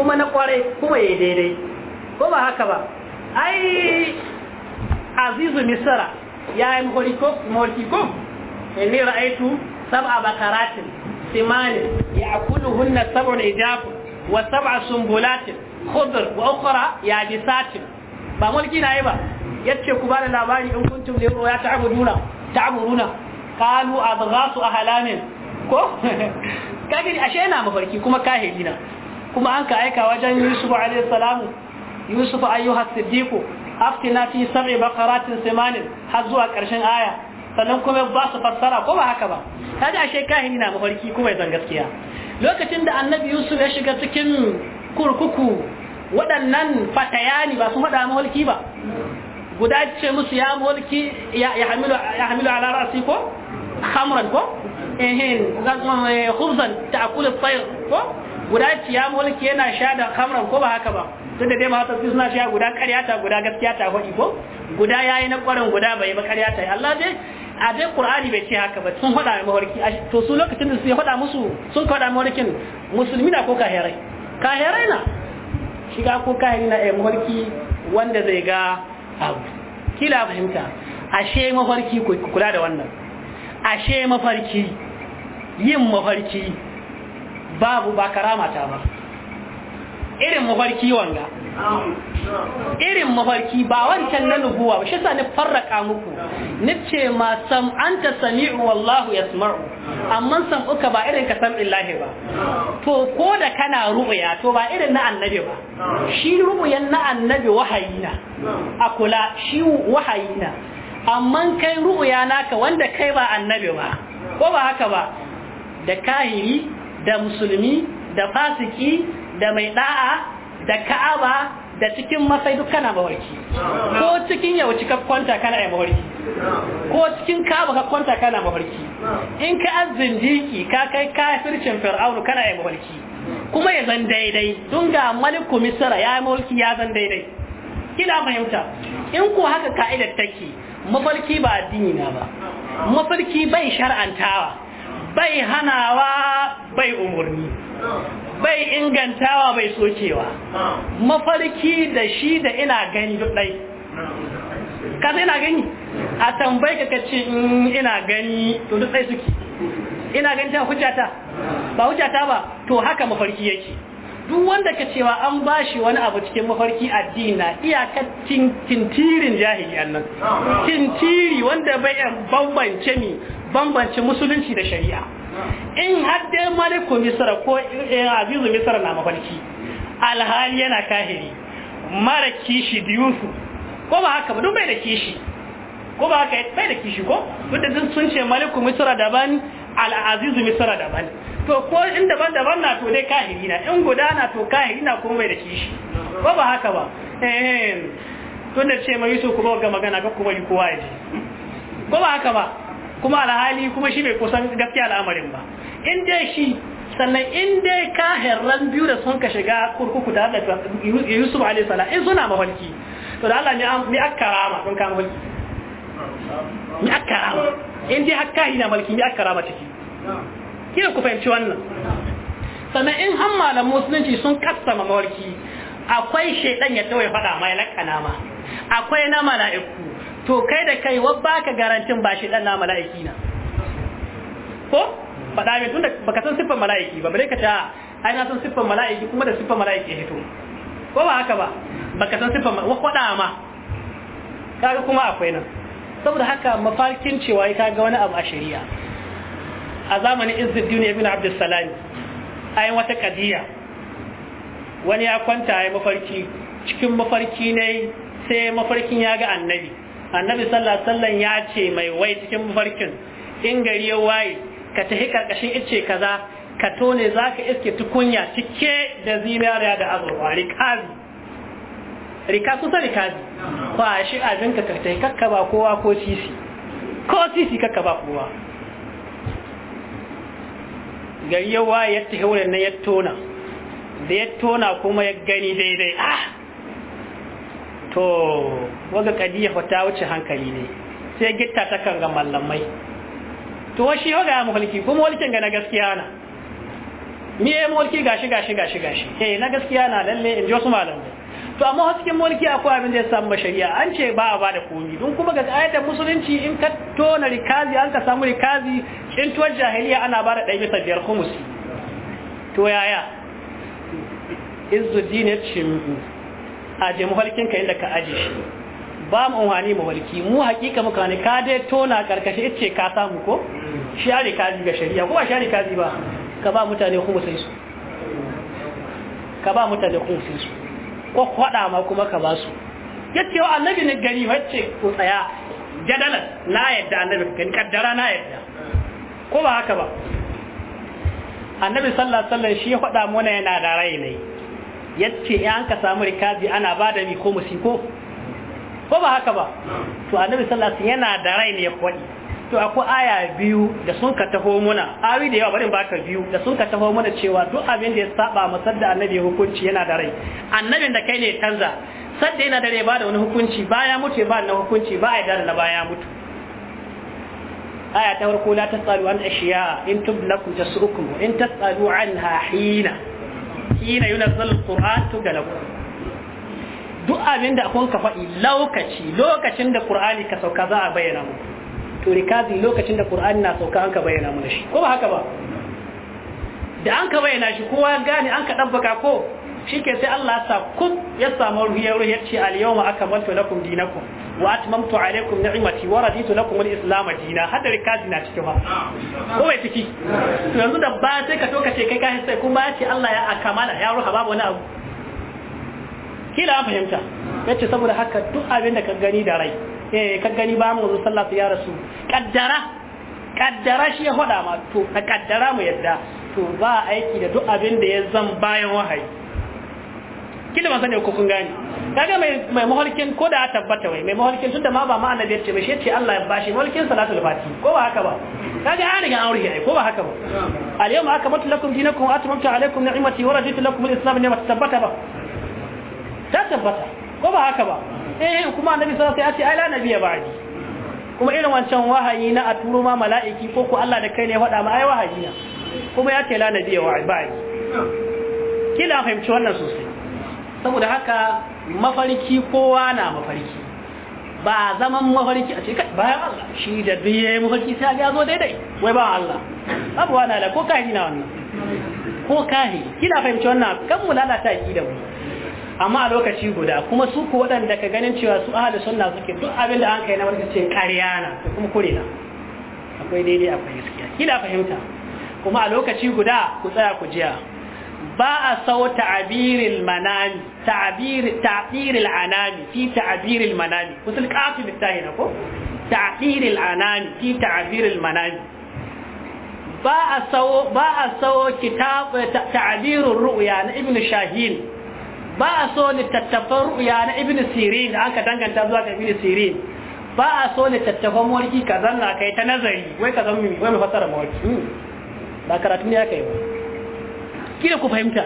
kuma na kware kuma ya daidai ko ba haka ba ai azizu misra ya yi mulkiko inni ra'aitu sab'a bakaratin simanin ya akulu hunna sab'un ijafun wa sab'a sumbulatin khudr wa ukhra ya bisatin ba mulki na yi ba yace ku bada labari in kuntum li ya ta'buduna ta'buduna qalu adghasu ahlamin ko kage ashe ina mafarki kuma kahe dina kuma an ka aika wajen yusuf alaihi salamu yusuf ayyuha siddiqu aftina fi sab'i baqaratin simanin har zuwa karshen aya sannan kuma ba su fassara ko ba haka ba kaji ashe kahini na mafarki kuma zan gaskiya lokacin da annabi yusuf ya shiga cikin kurkuku waɗannan fatayani ba su faɗa mafarki ba guda ce musu ya mulki ya hamilu ala rasi ko hamran ko ehin eh, khubzan ta akulu ko guda ciya mulki yana sha da kamran ko ba haka ba da dai mahauta su suna sha guda karyata guda gaskiya ta hudi ko guda yayi na kwarin guda bai ba karyata Allah dai a dai Qur'ani bai ce haka ba sun hada mawarki to su lokacin da su hada musu sun hada mawarkin musulmi na ko kahirai kahirai na shiga ko kahirai na eh mawarki wanda zai ga abu kila fahimta ashe mafarki ku kula da wannan ashe mafarki yin mafarki babu ba karamata ba irin mafarki wanga irin mafarki ba wancan na nubuwa ba shi sa ni farraka muku ni ce ma sam ta sami'u wallahu yasma'u amma san uka ba irin ka san illahi ba to ko da kana ru'uya to ba irin na annabi ba shi ru'uyan na annabi wahayi na. A kula shi wahayi na. amma kai ru'uya naka wanda kai ba annabi ba ko ba haka ba da kahiri da musulmi da fasiki da mai da'a da ka'aba da cikin masai duk kana mawarki ko cikin yau cika kwanta kana ya mawarki ko cikin kaba ka kwanta kana mawarki in ka jiki ka kai kafircin fir'aunu kana ya mawarki kuma ya zan daidai don ga maliku misira ya yi mawarki ya zan daidai kila fahimta in ko haka ka'idar take mafarki ba addini na ba mafarki bai shar'antawa bai hanawa bai umarni bai ingantawa bai sokewa mafarki da shi da ina gani duk ɗai kasa ina gani a tambayi ka kace mm, ina gani to duk suke ina gani ta hujjata ba hujjata ba to haka mafarki yake duk wanda ka cewa an bashi wani abu cikin mafarki addini na iyakar tintirin jahili annan tintiri wanda bai eh, bambance ni bambance musulunci da shari'a in har dai maliku misra ko eh, azizu misra na mafarki alhali yana kahiri mara kishi diyusu ko ba haka ba duk bai da kishi ko ba haka bai da kishi ko duk da sun ce maliku misra daban al-azizu misra daban to ko in daban-daban na to dai kahiri na in guda na to kahiri na komai da kishi ba ba haka ba eh to ne ce mai so kuma ga magana ga kuma yi kowa ya ji ko ba haka ba kuma alhali kuma shi bai kusan gaskiya al'amarin ba in dai shi sannan in dai kahirran biyu da sun ka shiga kurkuku da Allah Yusuf alayhi salam in suna mafarki to da Allah ne akarama don kan mulki ni akarama in dai hakka ina mulki ni akarama take kina ku fahimci wannan sannan in han malam musulunci sun kassama mawarki akwai shaidan ya tawaye faɗa mai lakana ma akwai na mala'iku to kai da kai wa baka garantin ba shaidan na mala'iki na ko faɗa mai tunda baka san siffar mala'iki ba bare ka ta ai na san siffar mala'iki kuma da siffar mala'iki hito ko ba haka ba baka san siffar wa fada ma kaga kuma akwai nan saboda haka mafarkin cewa ya kaga wani abu a shari'a a zamanin izzuddin ibn a yi wata kadiya wani ya kwanta ya mafarki cikin mafarki ne sai mafarkin ya ga annabi annabi sallallahu ya ce mai wai cikin mafarkin in gari ya waye ka tafi karkashin ice kaza ka tone zaka iske tukunya cike da zinariya da azurwa rikazi rika kusa rikazi ba shi abin ka tafi kakka ba kowa ko sisi ko sisi kakka ba kowa gari ya waye ya tafi na ya tona da ya tona kuma ya gani daidai ah to waga kadiya fa ta wuce hankali ne sai gitta ta kan ga mallamai to wa shi waga ya mulki kuma mulkin ga na gaskiya na mi eh mulki gashi gashi gashi gashi eh na gaskiya na lalle in ji wasu malamai to amma wasu cikin mulki akwai abin da ya samu shari'a an ce ba a bada komi don kuma ga ayatan musulunci in ka tona rikazi an ka samu rikazi in tuwa jahiliya ana bada ɗaya bisa biyar humus. to yaya izu ya ce a je mahalkin ka inda ka aje shi ba mu unhani mahalki mu hakika muka ne ka dai tona karkashi ce ka samu ko share kazi ga shari'a ko ba share kazi ba ka ba mutane kumusin su ka ba mutane kumusin su kwakwada ma kuma ka ba su yace wa annabi ne gani wacce ku tsaya jadalan na yadda annabi kan kaddara na yadda ko ba haka ba annabi sallallahu alaihi wasallam shi ya faɗa mana yana da rai ne yace ya an ka samu rikabi ana bada mi ko musiko ko ba haka ba to annabi sallallahu alaihi wasallam yana da rai ne ya faɗi to akwai aya biyu da sun ka taho muna awi da yawa barin baka biyu da sun ka taho muna cewa duk abin da ya saba masar da annabi hukunci yana da rai annabin da kai ne canza sadda yana da rai ba da wani hukunci baya mutu ba na hukunci ba ya da na baya mutu aya ta farko la tasalu an ashiya in tublakum tasukum in tasalu anha hina hina yunazzal alquran tugalakum duk abin da kun ka faɗi lokaci lokacin da qur'ani ka sauka za a bayyana muku to rikazi lokacin da qur'ani na sauka an ka bayyana mana shi ko ba haka ba da an ka bayyana shi kowa gane an ka dabbaka ko shike sai Allah ya sa kun ya samu ruhiyar ruhiyar ce al-yawma akmaltu lakum dinakum wa atmamtu alaykum ni'mati wa raditu lakum al-islam dinan hada rikazi na cikin ba ko bai ciki to yanzu da ba sai ka to ce kai ka sai kuma ya ce Allah ya akamala ya ruha babu wani abu kila an fahimta yace saboda haka duk abin da ka gani da rai eh ka gani ba mu sallah ya rasu kaddara kaddara shi ya hoda ma to na kaddara mu yadda to ba aiki da duk abin da ya zan bayan wahayi kila ban sani ko kun gani kaga mai mai mahalkin ko da tabbata wai mai mahalkin tunda ma ba ma annabi yace ba shi Allah ya bashi mahalkin salatul fati ko ba haka ba kaga an riga an riga ko ba haka ba al yawma akmaltu lakum dinakum wa atmamtu alaykum ni'mati wa raditu lakum al-islam ni'mat tabbata ba ta tabbata ko ba haka ba eh kuma annabi sallallahu alaihi wasallam ya ce ai la nabiyya ba'di kuma irin wancan wahayi na a turo ma mala'iki ko ku Allah da kai ne faɗa ma ai wahayi na kuma ya ce la nabiyya wa ba'di kila fahimci wannan sosai saboda haka mafarki kowa na mafarki ba zaman mafarki a cikin bayan Allah shi da biye mafarki sai ga zo daidai wai ba Allah babu wani ala ko kahi na wannan ko kahi kina fahimci wannan kan mu lalata ki da mu amma a lokaci guda kuma su ku waɗanda ka ganin cewa su ahli sunna suke duk abin da an kai na wani ce ƙarya na da kuma kure na akwai daidai akwai gaskiya kila fahimta kuma a lokaci guda ku tsaya ku jiya ba a sau ta'abiril manami ta'abir ta'biril anami fi ta'biril manami kusul qafi bitahina ko Ta'abirin anami fi ta'abirin manami ba a sau kitab ta'abirur ru'ya na ibn shahin ba a so littattafan ruya na ibn sirin da aka danganta zuwa ga ibn sirin ba a so tattafan mulki ka zanna kai ta nazari wai ka zama wai mai fassara mulki. Hmm. ba karatu ne aka yi ba kila ku fahimta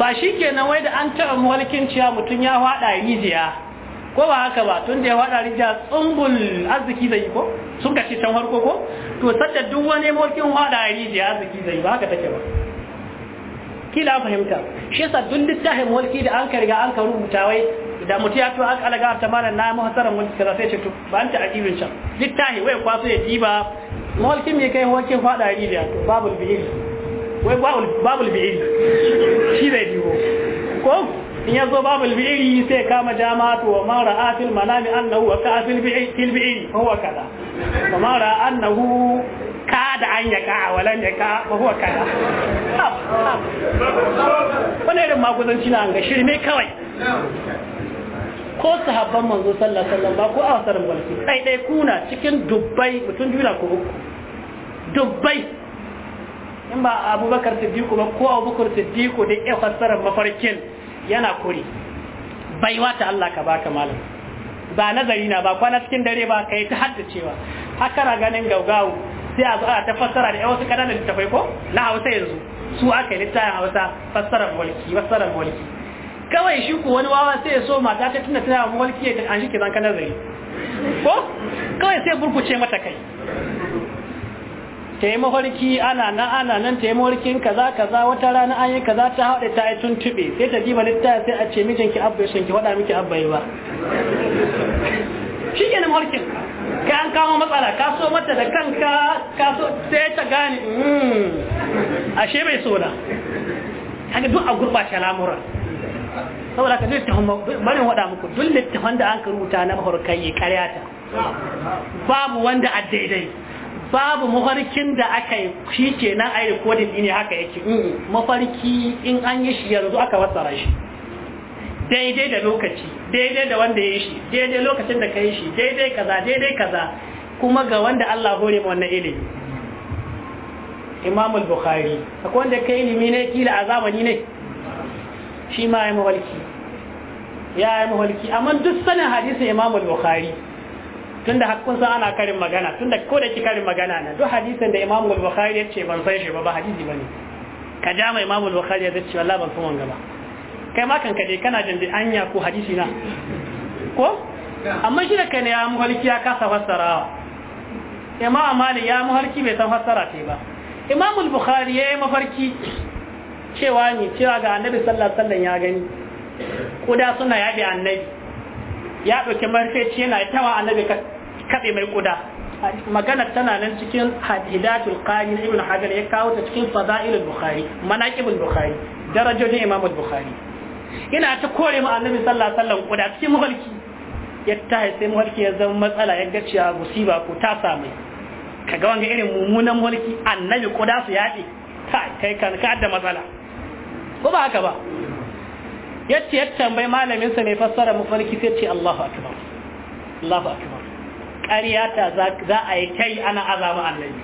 ba shi kenan wai da an taɓa mulkin cewa mutum ya yi rijiya ko ba haka ba tun da ya haɗa rijiya tsungul arziki zai ko sun kashi can harko ko to sadda duk wani mawarkin yi rijiya arziki zai ba haka take ba kila an fahimta shi yasa duk littafin mulki da an ka an ka rubuta da mutum ya tuwa aka alaga ta na mulki kaza sai ce to ba an ta ajibin can wai kwaso ya diba mulki me kai hokin fada to wai shi ko in ya sai kama dama wa manami annahu wa huwa annahu kada an ka walan ka ba huwa kada wannan irin maguzanci na ga shirme kawai ko sahabban manzo sallallahu alaihi wasallam ba ko awsarin wani dai dai kuna cikin dubbai mutum juna ko uku dubbai in ba abubakar siddiqu ba ko abubakar siddiqu da ya fassara mafarkin yana kuri baiwa ta Allah ka baka malam ba nazari na ba kwana cikin dare ba kai ta haddacewa haka na ganin gaugawu sai a zo a ta fassara da wasu kananan littafai ko na hausa yanzu su aka yi littafin hausa fassarar mulki fassarar mulki kawai shi ku wani wawa sai ya so mata ta tuna tana mulki ya an shi ke zanka nazari ko kawai sai burkuce mata kai ta yi ana nan ana nan ta yi kaza kaza wata rana an yi kaza ta haɗe ta yi tuntuɓe sai ta jiba littafin sai a ce mijinki abba ya shanki waɗa miki abba ya ba shi ke na mafarkin ka an kama matsala ka so mata da kanka ka so sai ta gane hmm, ashe bai so na haka duk a gurɓace lamura saboda ka littafin bari wada muku duk littafan da an ka rubuta na mahorkan yi karyata babu wanda a daidai babu mafarkin da aka yi shi ke na a yi rikodin ɗini haka yake hmm, mafarki in an yi shi yanzu aka wasara shi daidai da lokaci daidai da wanda ya yi shi daidai lokacin da ka yi shi daidai kaza daidai kaza kuma ga wanda Allah hore ma wannan ilimi al bukhari akwai wanda kai ilimi ne kila a zamani ne shi ma ya mawalki ya yi mawalki amma duk sanin hadisin al bukhari tunda hakkun san ana karin magana tunda ko da ki karin magana na duk hadisin da al bukhari ya ce ban san shi ba ba hadisi bane ka ja mai al bukhari ya ce wallahi ban san wanga ba kai ma kanka dai kana jin anya ko hadisi na ko amma shi da kai ya muhalki ya kasa fassara imam mali ya muhalki bai san fassara ta ba imam bukhari ya yi mafarki cewa ni cewa ga annabi sallallahu alaihi wasallam ya gani kuda suna yabi annabi ya dauki marfeci yana tawa annabi kabe mai kuda magana tana nan cikin hadidatul qani ibn hajar ya kawo ta cikin fadailul bukhari manaqibul bukhari darajojin imam bukhari yana ta kore mu annabi sallallahu alaihi wasallam da cikin mulki ya tahi sai mulki ya zama matsala ya gaci a musiba ko ta samu kaga wanga irin mummunan mulki annabi da su yaɗe kai kai kan ka da matsala ko ba haka ba yace ya tambayi malamin sa mai fassara mulki sai ce Allahu akbar Allahu akbar ƙarya ta za a yi kai ana azama annabi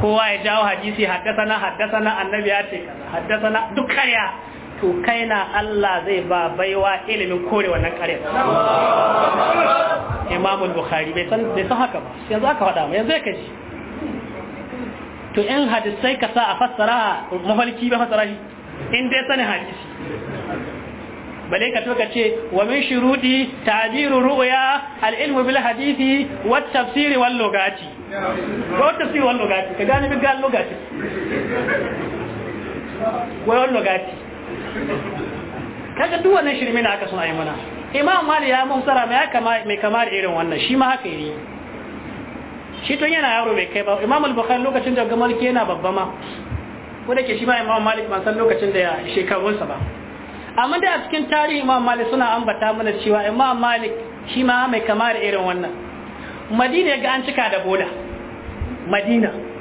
kowa ya jawo hadisi haddasa na haddasa na annabi ya ce haddasa na duk ƙarya to kai na Allah zai ba baiwa ilimin kore wannan kare Imam Bukhari bai san bai san haka ba yanzu aka faɗa mu yanzu ya ji to in hadisai ka sa a fassara mafalki ba fassara shi in dai sani hadisi bale ka to ka ce wa min shurudi ta'diru ru'ya al ilm bil hadisi wa at-tafsir wal lugati ko tafsir wal lugati ka gane bi gal lugati ko wal lugati kaga duk wannan shirme na aka suna yi mana imam mali ya tsara mai kama mai kama da irin wannan shi ma haka yi shi tun yana yaro bai kai ba imam al-bukhari lokacin da ke yana babba ma ko da ke shi ba imam malik ban san lokacin da ya shekarunsa ba amma da a cikin tarihi imam malik suna ambata mana cewa imam malik shi ma mai kama da irin wannan madina ya ga an cika da bola madina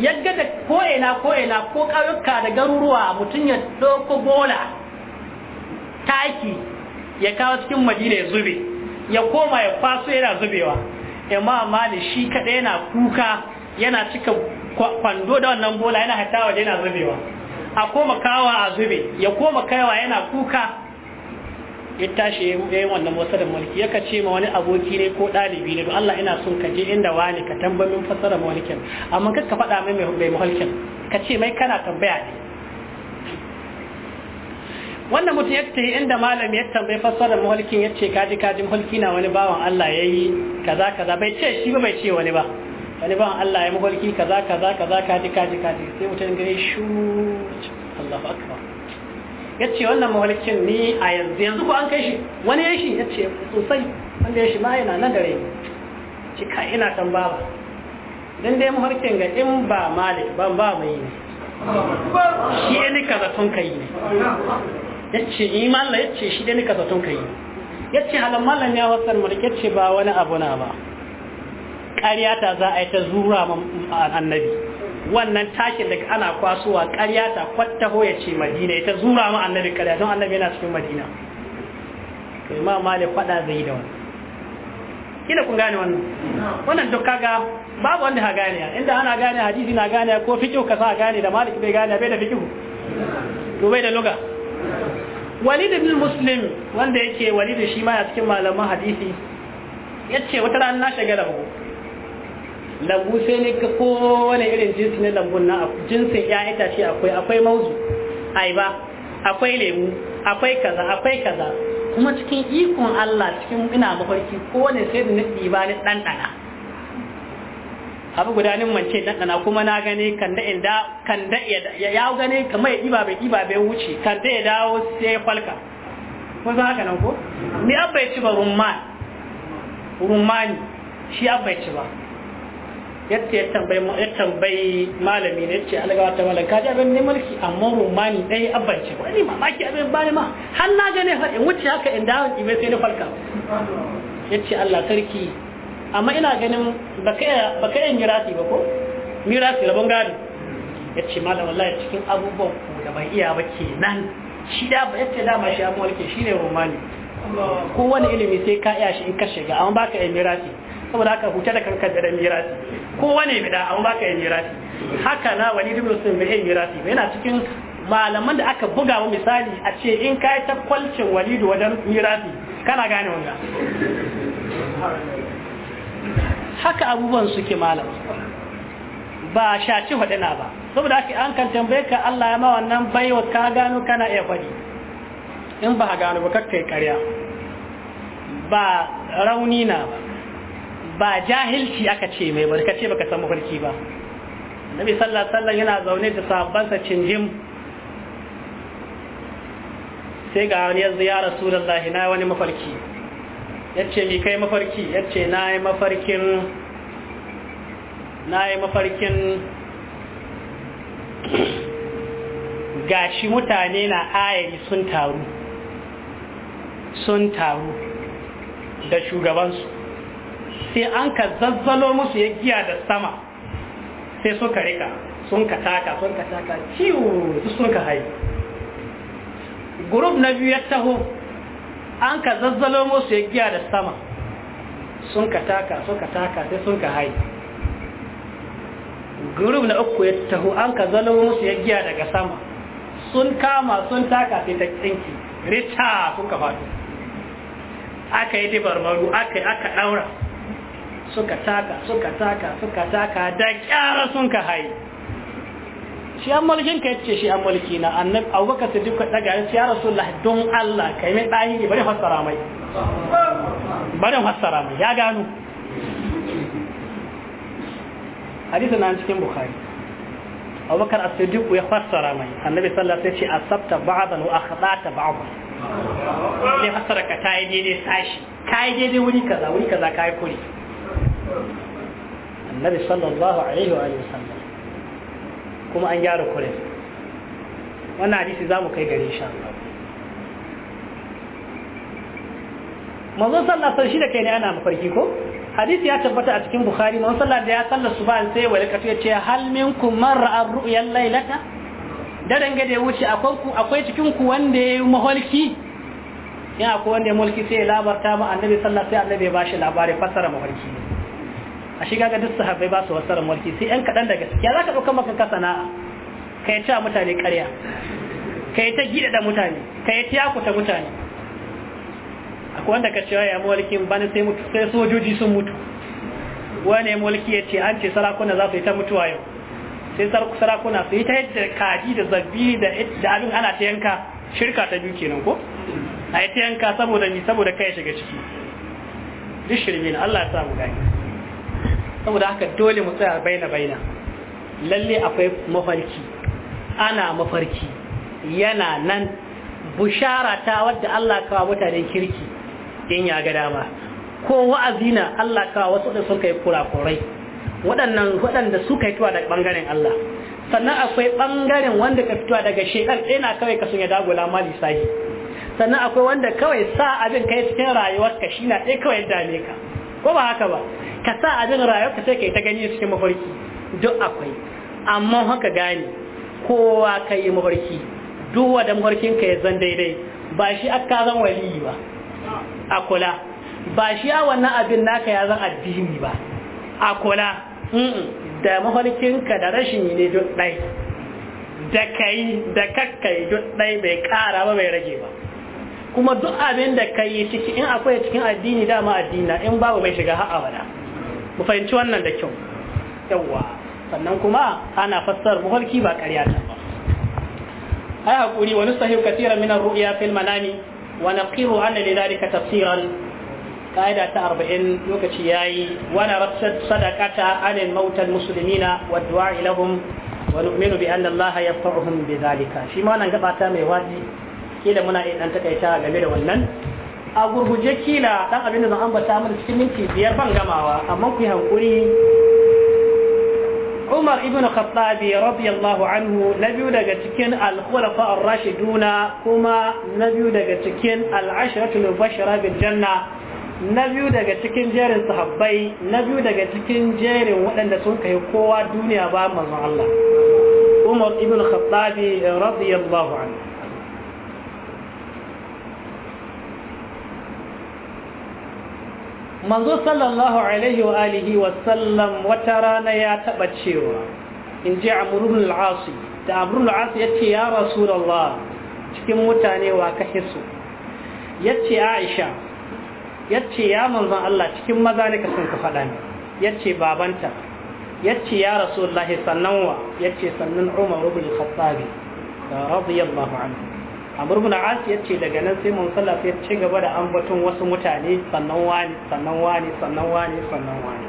yadda da ko'ina ko'ina ko ƙauyuka da garuruwa mutum ya ɗauko bola taki ya kawo cikin madina ya zube ya koma ya kwaso yana zubewa imam da shi kaɗai yana kuka yana cika kwando da wannan bola yana hatawa da yana zubewa a koma kawa a zube ya koma kaiwa yana kuka ya tashi ya yi wannan wasarar mulki ya ce ma wani aboki ne ko ɗalibi ne don Allah ina son ka je inda wani ka tambamin fasarar mulkin amma ka faɗa mai mai mulkin ka ce mai kana tambaya ne wannan mutum ya ce inda malam ya tambayi fassarar mulkin ya ce kaji kaji mulki na wani bawan Allah ya yi kaza kaza bai ce shi ba bai ce wani ba wani bawan Allah ya mulki kaza kaza kaza kaji kaji kaji sai mutum ga shu Allahu akbar ya ce wannan mawalikin ni a yanzu yanzu ko an kai shi wani ya shi ya ce sosai wanda ya shi ma yana nan da rai ce ka ina kan baba don dai mawalikin ga in ba malik ba ba mai ne shi ya nika zaton kai ne ya ce imala ya ce shi ya nika zaton kai ne ya ce halin malam ya wasan malik ya ce ba wani abu na ba ƙarya ta za a yi ta zura annabi wannan takin daga ana kwasuwa ƙarya ta kwattaho ya ce madina ita zura ma annabi ƙarya don annabi yana cikin madina to ma malik faɗa zai da wannan kila kun gane wannan wannan duk kaga babu wanda ha gane inda ana gane hadisi na gane ko fiqh ka sa gane da malik bai gane bai da fiqh to bai da luga walid ibn muslim wanda yake walid shi ma a cikin malaman hadisi yace wata rana na shagala ko lambu sai ne ko wani irin jinsi na lambun na jinsin ya shi akwai akwai mauzu ba akwai lemu akwai kaza akwai kaza kuma cikin ikon Allah cikin ina mafarki wani sai da nufi ba ni ɗanɗana abu gudanin mance ɗanɗana kuma na gane kan da inda kan da ya gane kamar ya ɗiba bai ɗiba bai wuce kan da ya dawo sai ya falka ko za haka nan ko ni abai ci ba rumman rumman shi abai ci ba yadda ya tambayi ya tambayi malami ne yace alagawa ta malaka ji abin ne mulki amma rumani dai abban ko ni mamaki abin bani ma har na gane fa in wuce haka in dawo in sai na falka yace Allah sarki amma ina ganin baka baka yin mirasi ba ko mirasi laban gado yace malam wallahi cikin abubuwan ku da bai iya ba kenan shi da ba yace da ma shi amma mulki shine rumani ko wani ilimi sai ka iya shi in ka shiga amma baka yin mirasi saboda haka huce da kanka da mirasi kowa ne bida an baka yi mirasi haka na wani ibn sun bai yi mirasi yana cikin malaman da aka buga wa misali a ce in ka yi kwalcin walidu wajen mirasi kana gane wanda haka abubuwan suke malam ba shaci hudina ba saboda haka an kan tambaye ka Allah ya ma wannan baiwa ka gano kana iya faɗi in ba gano ba kakkai karya ba rauni na ba ba jahilci aka ce mai ba ka ce baka san mafarki ba nabi sallallahu alaihi wasallam yana zaune da sahabbansa cinjim sai ga wani yanzu ya rasulullah na wani mafarki yace mi kai mafarki yace na yi mafarkin na yi mafarkin gashi mutane na ayari sun taru sun taru da shugabansu sai an ka zazzalo musu ya giya da sama sai suka rika sun ka taka sun ka taka ciwo su sun ka haye gurub na biyu ya taho an ka zazzalo musu ya giya da sama sun ka taka sun ka taka sai sun ka haye gurub na uku ya taho an ka zalo musu ya giya daga sama sun kama sun taka sai ta tsinki rita sun ka faɗo. aka yi dabarbaru aka yi aka daura suka taka suka taka suka taka da kyara sun ka haye shi an mulkin ka yace shi an mulki na annab abubakar ta duka daga shi ya rasulullah don Allah kai mai dai bari fassara mai bari fassara mai ya gano hadisi na cikin bukhari abubakar as-siddiq ya fassara mai annabi sallallahu alaihi wasallam ya ce asabta ba'dan wa akhata ba'dan ne fassara ka tayi daidai sashi kayi ne wuri kaza wuri kaza kai kuri annabi sallallahu alaihi wa sallam kuma an gyara kurin wannan hadisi za mu kai insha Allah manzon sallah sau shi da kai ne ana mafarki ko hadisi ya tabbata a cikin bukhari manzon sallah da ya sallar su ba sai wani kato ya ce hal minkum man ra'a ru'yan laylata da danga da ya wuce akwai cikin ku wanda ya yi maholki ya akwai wanda ya mulki sai ya labarta ma annabi sallah sai annabi ya bashi labari fassara maholki. ne a shiga ga duk sahabbai ba su wasarar mulki sai yan kaɗan daga ya za ka ɗaukar maka ka sana'a ka yi ta mutane ƙarya ka yi ta gida da mutane ka yi ta mutane akwai wanda ka cewa ya mulkin bani sai mutu sai sojoji sun mutu wani mulki ya ce an ce sarakuna za su yi ta mutuwa yau sai sarakuna su yi ta yadda kaji da zabi da abin ana ta yanka shirka ta biyu kenan ko a yi ta yanka saboda ni saboda kai shiga ciki duk shirme Allah ya samu gani saboda haka dole mu tsaya baina baina lalle akwai mafarki ana mafarki yana nan bushara ta wadda Allah kawo mutanen kirki in ya ga dama ko wa'azi na Allah kawo wasu da sun kai kurakurai waɗannan waɗanda suka yi tuwa daga ɓangaren Allah sannan akwai ɓangaren wanda ka fitowa daga shekar ɗaya kawai ka sun ya dagula ma lissahi sannan akwai wanda kawai sa abin kai cikin rayuwarka shi na ɗaya kawai dame ka ko ba haka ba ka sa abin rayuwa ka sai ka yi ta gani cikin mafarki duk akwai amma haka gane kowa ka yi mafarki duk wanda mafarkin ka ya zan daidai ba shi aka zan waliyi ba a kula ba shi a wannan abin naka ya zan addini ba a kula da mafarkin ka da rashin yi ne duk ɗai da yi da yi duk ɗai bai ƙara ba bai rage ba kuma duk abin da ka yi ciki in akwai cikin addini dama addina in babu bai shiga ha'a wada mu fahimci wannan da kyau yawwa sannan kuma ana fassara mafarki ba ƙarya ta ba ai hakuri wani sahihu katira min ar-ru'ya fil manami wa naqiru anna lidhalika tafsiran qaida ta 40 lokaci yayi wa narabsat sadaqata anil mautal muslimina wa du'a ilahum wa nu'minu bi anna Allah yafqahuhum bidhalika shi ma nan gaba ta mai wadi kila muna iya dan takaita game da wannan a gurguje kila dan abin da zan ambata mana cikin minti biyar ban gamawa amma ku yi hankuri Umar ibn khattabi radiyallahu anhu na biyu daga cikin al-khulafa ar-rashiduna kuma na biyu daga cikin al-ashratu mubashshara bil janna na biyu daga cikin jerin sahabbai na biyu daga cikin jerin waɗanda sun kai kowa duniya ba manzon Allah Umar ibn khattabi radiyallahu anhu manzo sallallahu alaihi wa alihi wa sallam wata rana ya taba cewa in ji amrul al-as da amrul al ya yace ya rasulullah cikin mutane wa ka hisu yace aisha yace ya manzon Allah cikin maza ne ka san ka faɗa ne yace babanta yace ya rasulullahi sannan wa yace sannan umar ibn al-khattab radiyallahu anhu amr ibn as ce daga nan sai mun sai ci gaba da ambaton wasu mutane sannan wani sannan wani sannan wani sannan wani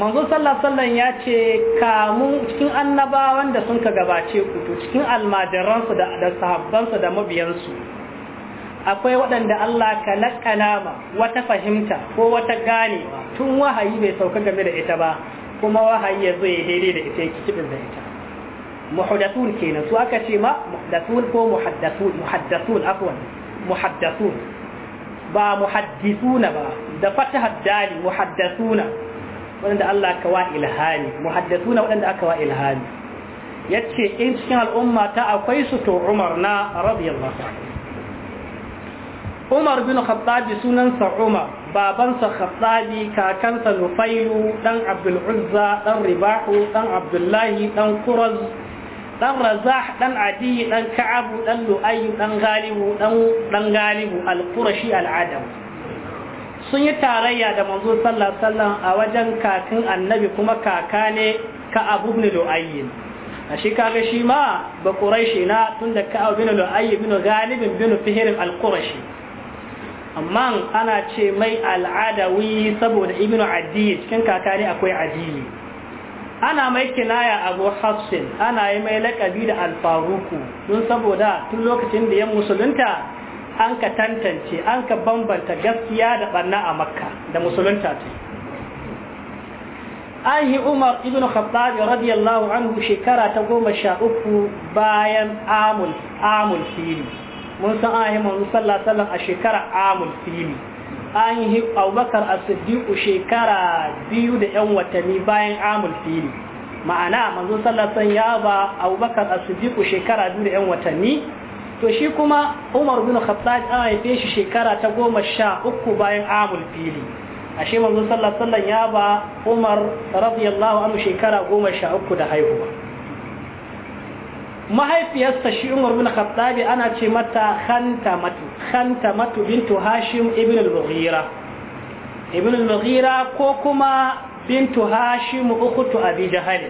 manzo sallallahu ya ce kamu cikin annabawan da sun ka gabace ku to cikin almajiransu da da sahabbansu da mabiyansu akwai waɗanda Allah ka lakkana wata fahimta ko wata gane tun wahayi bai sauka game da ita ba kuma wahayi ya zo ya daidai da ita ya kibin da ita muhdathun kenan su aka ce ma muhdathun ko muhaddathun muhaddathun afwan muhaddathun ba muhaddithuna ba da fataha dali muhaddathuna wanda Allah ka wa ilhani muhaddathuna wanda aka wa ilhani yace in cikin al'umma ta akwai su to Umar na radiyallahu anhu Umar bin Khattab sunansa Umar babansa Khattabi kakansa Nufailu dan Abdul Uzza dan Ribahu dan Abdullahi dan Kuraz dan razah dan adi dan ka'abu dan lu'ayyu dan galibu dan dan galibu al-qurashi al-adam sun yi tarayya da manzo sallallahu alaihi wasallam a wajen kakin annabi kuma kakane ka ibn lu'ayy a shi kaga shi ma ba quraishi na tunda ka'abu ibn lu'ayy ibn galib ibn fihr al-qurashi amma ana ce mai al-adawi saboda ibn adi cikin kakane akwai adili ana mai kinaya abu hafsin ana yi mai laƙabi da alfaruku don saboda tun lokacin da ya musulunta an ka tantance an ka bambanta gaskiya da ɓanna a makka da musulunta ta an yi umar ibn khattab radiyallahu anhu shekara ta goma sha uku bayan amul amul fili mun san an yi sallallahu alaihi a shekara amul fili an yi abubakar as shekara biyu da yan watanni bayan amul fili ma'ana manzo sallallahu ya ba abubakar as-siddiqu shekara biyu da yan watanni to shi kuma umar bin khattab an haife shi shekara ta goma sha uku bayan amul fili ashe manzo sallallahu ya ba umar radiyallahu anhu shekara goma sha uku da haihuwa mahaifiyarsa shi Umar bin khattabi ana ce mata khanta matu bintu Hashim ibn al-Mughira ibn al-Mughira ko kuma bintu Hashim ukhtu Abi Jahal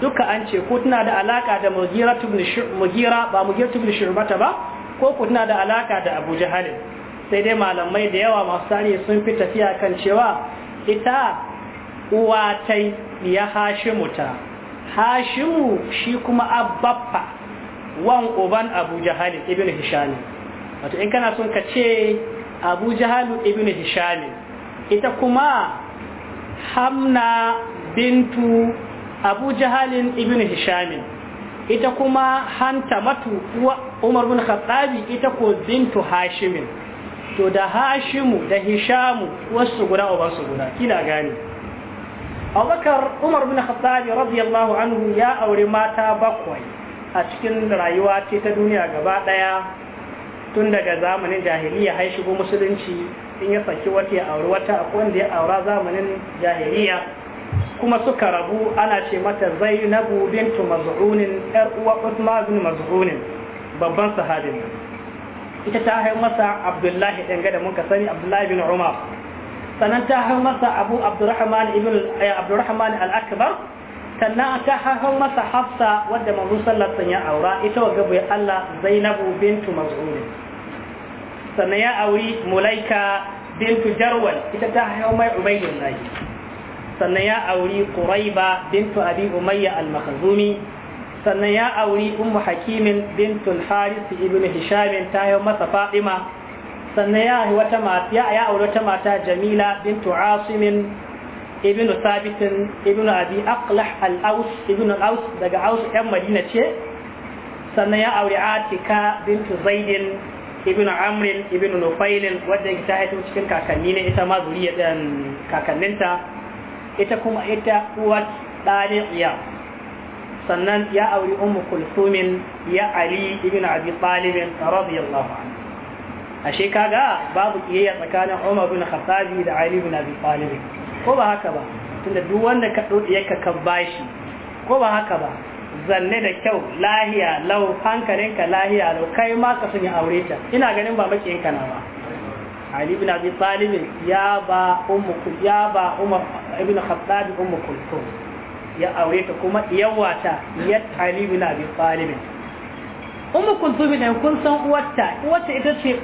duka an ce ko tana da alaka da Mughira ibn Mughira ba Mughira ibn Shu'bata ba ko ko tana da alaka da Abu Jahal sai dai malamai da yawa masu tsari sun fi tafiya kan cewa ita uwa tai ya Hashimu hashimu shi kuma ababba wan uban abu jahal ibn hisham wato in kana son ka ce abu jahal ibn hisham ita kuma hamna bintu abu jahalin ibn hisham ita kuma hanta matu umar bin khattabi ita ko bintu hashimin to da hashimu da hishamu wasu guda uban su guda kina gane abubakar umar bin khattabi radiyallahu anhu ya aure mata bakwai a cikin rayuwa ce ta duniya gaba daya tun daga zamanin jahiliya har shigo musulunci in ya saki wata ya auri wata akwai wanda ya aura zamanin jahiliya kuma suka rabu ana ce mata zainabu bintu maz'unin yar uwa uthman bin maz'unin babban sahabin ita ta haihu masa abdullahi dangane da muka sani abdullahi bin umar sannan ta hau masa abu abdurrahman ibn eh, abdurrahman al-akbar sannan ta hau masa hafsa wadda manzo sallallahu ya aura ita wa gabu ya Allah zainabu bintu mas'ud sannan ya auri mulaika bintu jarwal ita ta hau mai ubaydullah sannan ya auri ƙuraiba bintu abi umayya al-makhzumi sannan ya auri ummu hakimin bintu al-harith ibn hishamin ta hau masa fatima sannan ya wata mata ya ya aure wata mata Jamila bintu Asim ibn Thabit ibn Abi Aqlah al-Aus ibn al-Aus daga Aus ɗan Madina ce sannan ya aure Atika bintu Zaid ibn Amr ibn Nufail wadda ta haihu cikin kakanni ne ita ma ɗan kakanninta ita kuma ita uwar ɗaliya sannan ya aure ummu kulsumin ya ali ibn abi talib radiyallahu anhu ashe kaga babu kiyayya tsakanin Umar bin Khattab da Ali bin Abi Talib ko ba haka ba tunda duk wanda ka dodi yaka ka bashi ko ba haka ba zanne da kyau lahiya lau hankalinka lahiya lau kai ma ka sun yi aure ta ina ganin ba makiyin kana ba Ali bin Abi Talib ya ba ummu ya ba Umar ibn Khattab ummu kulthum ya aure ta kuma ta ya Ali bin Abi Talib ummu kulthum ne kun san uwarta uwarta ita ce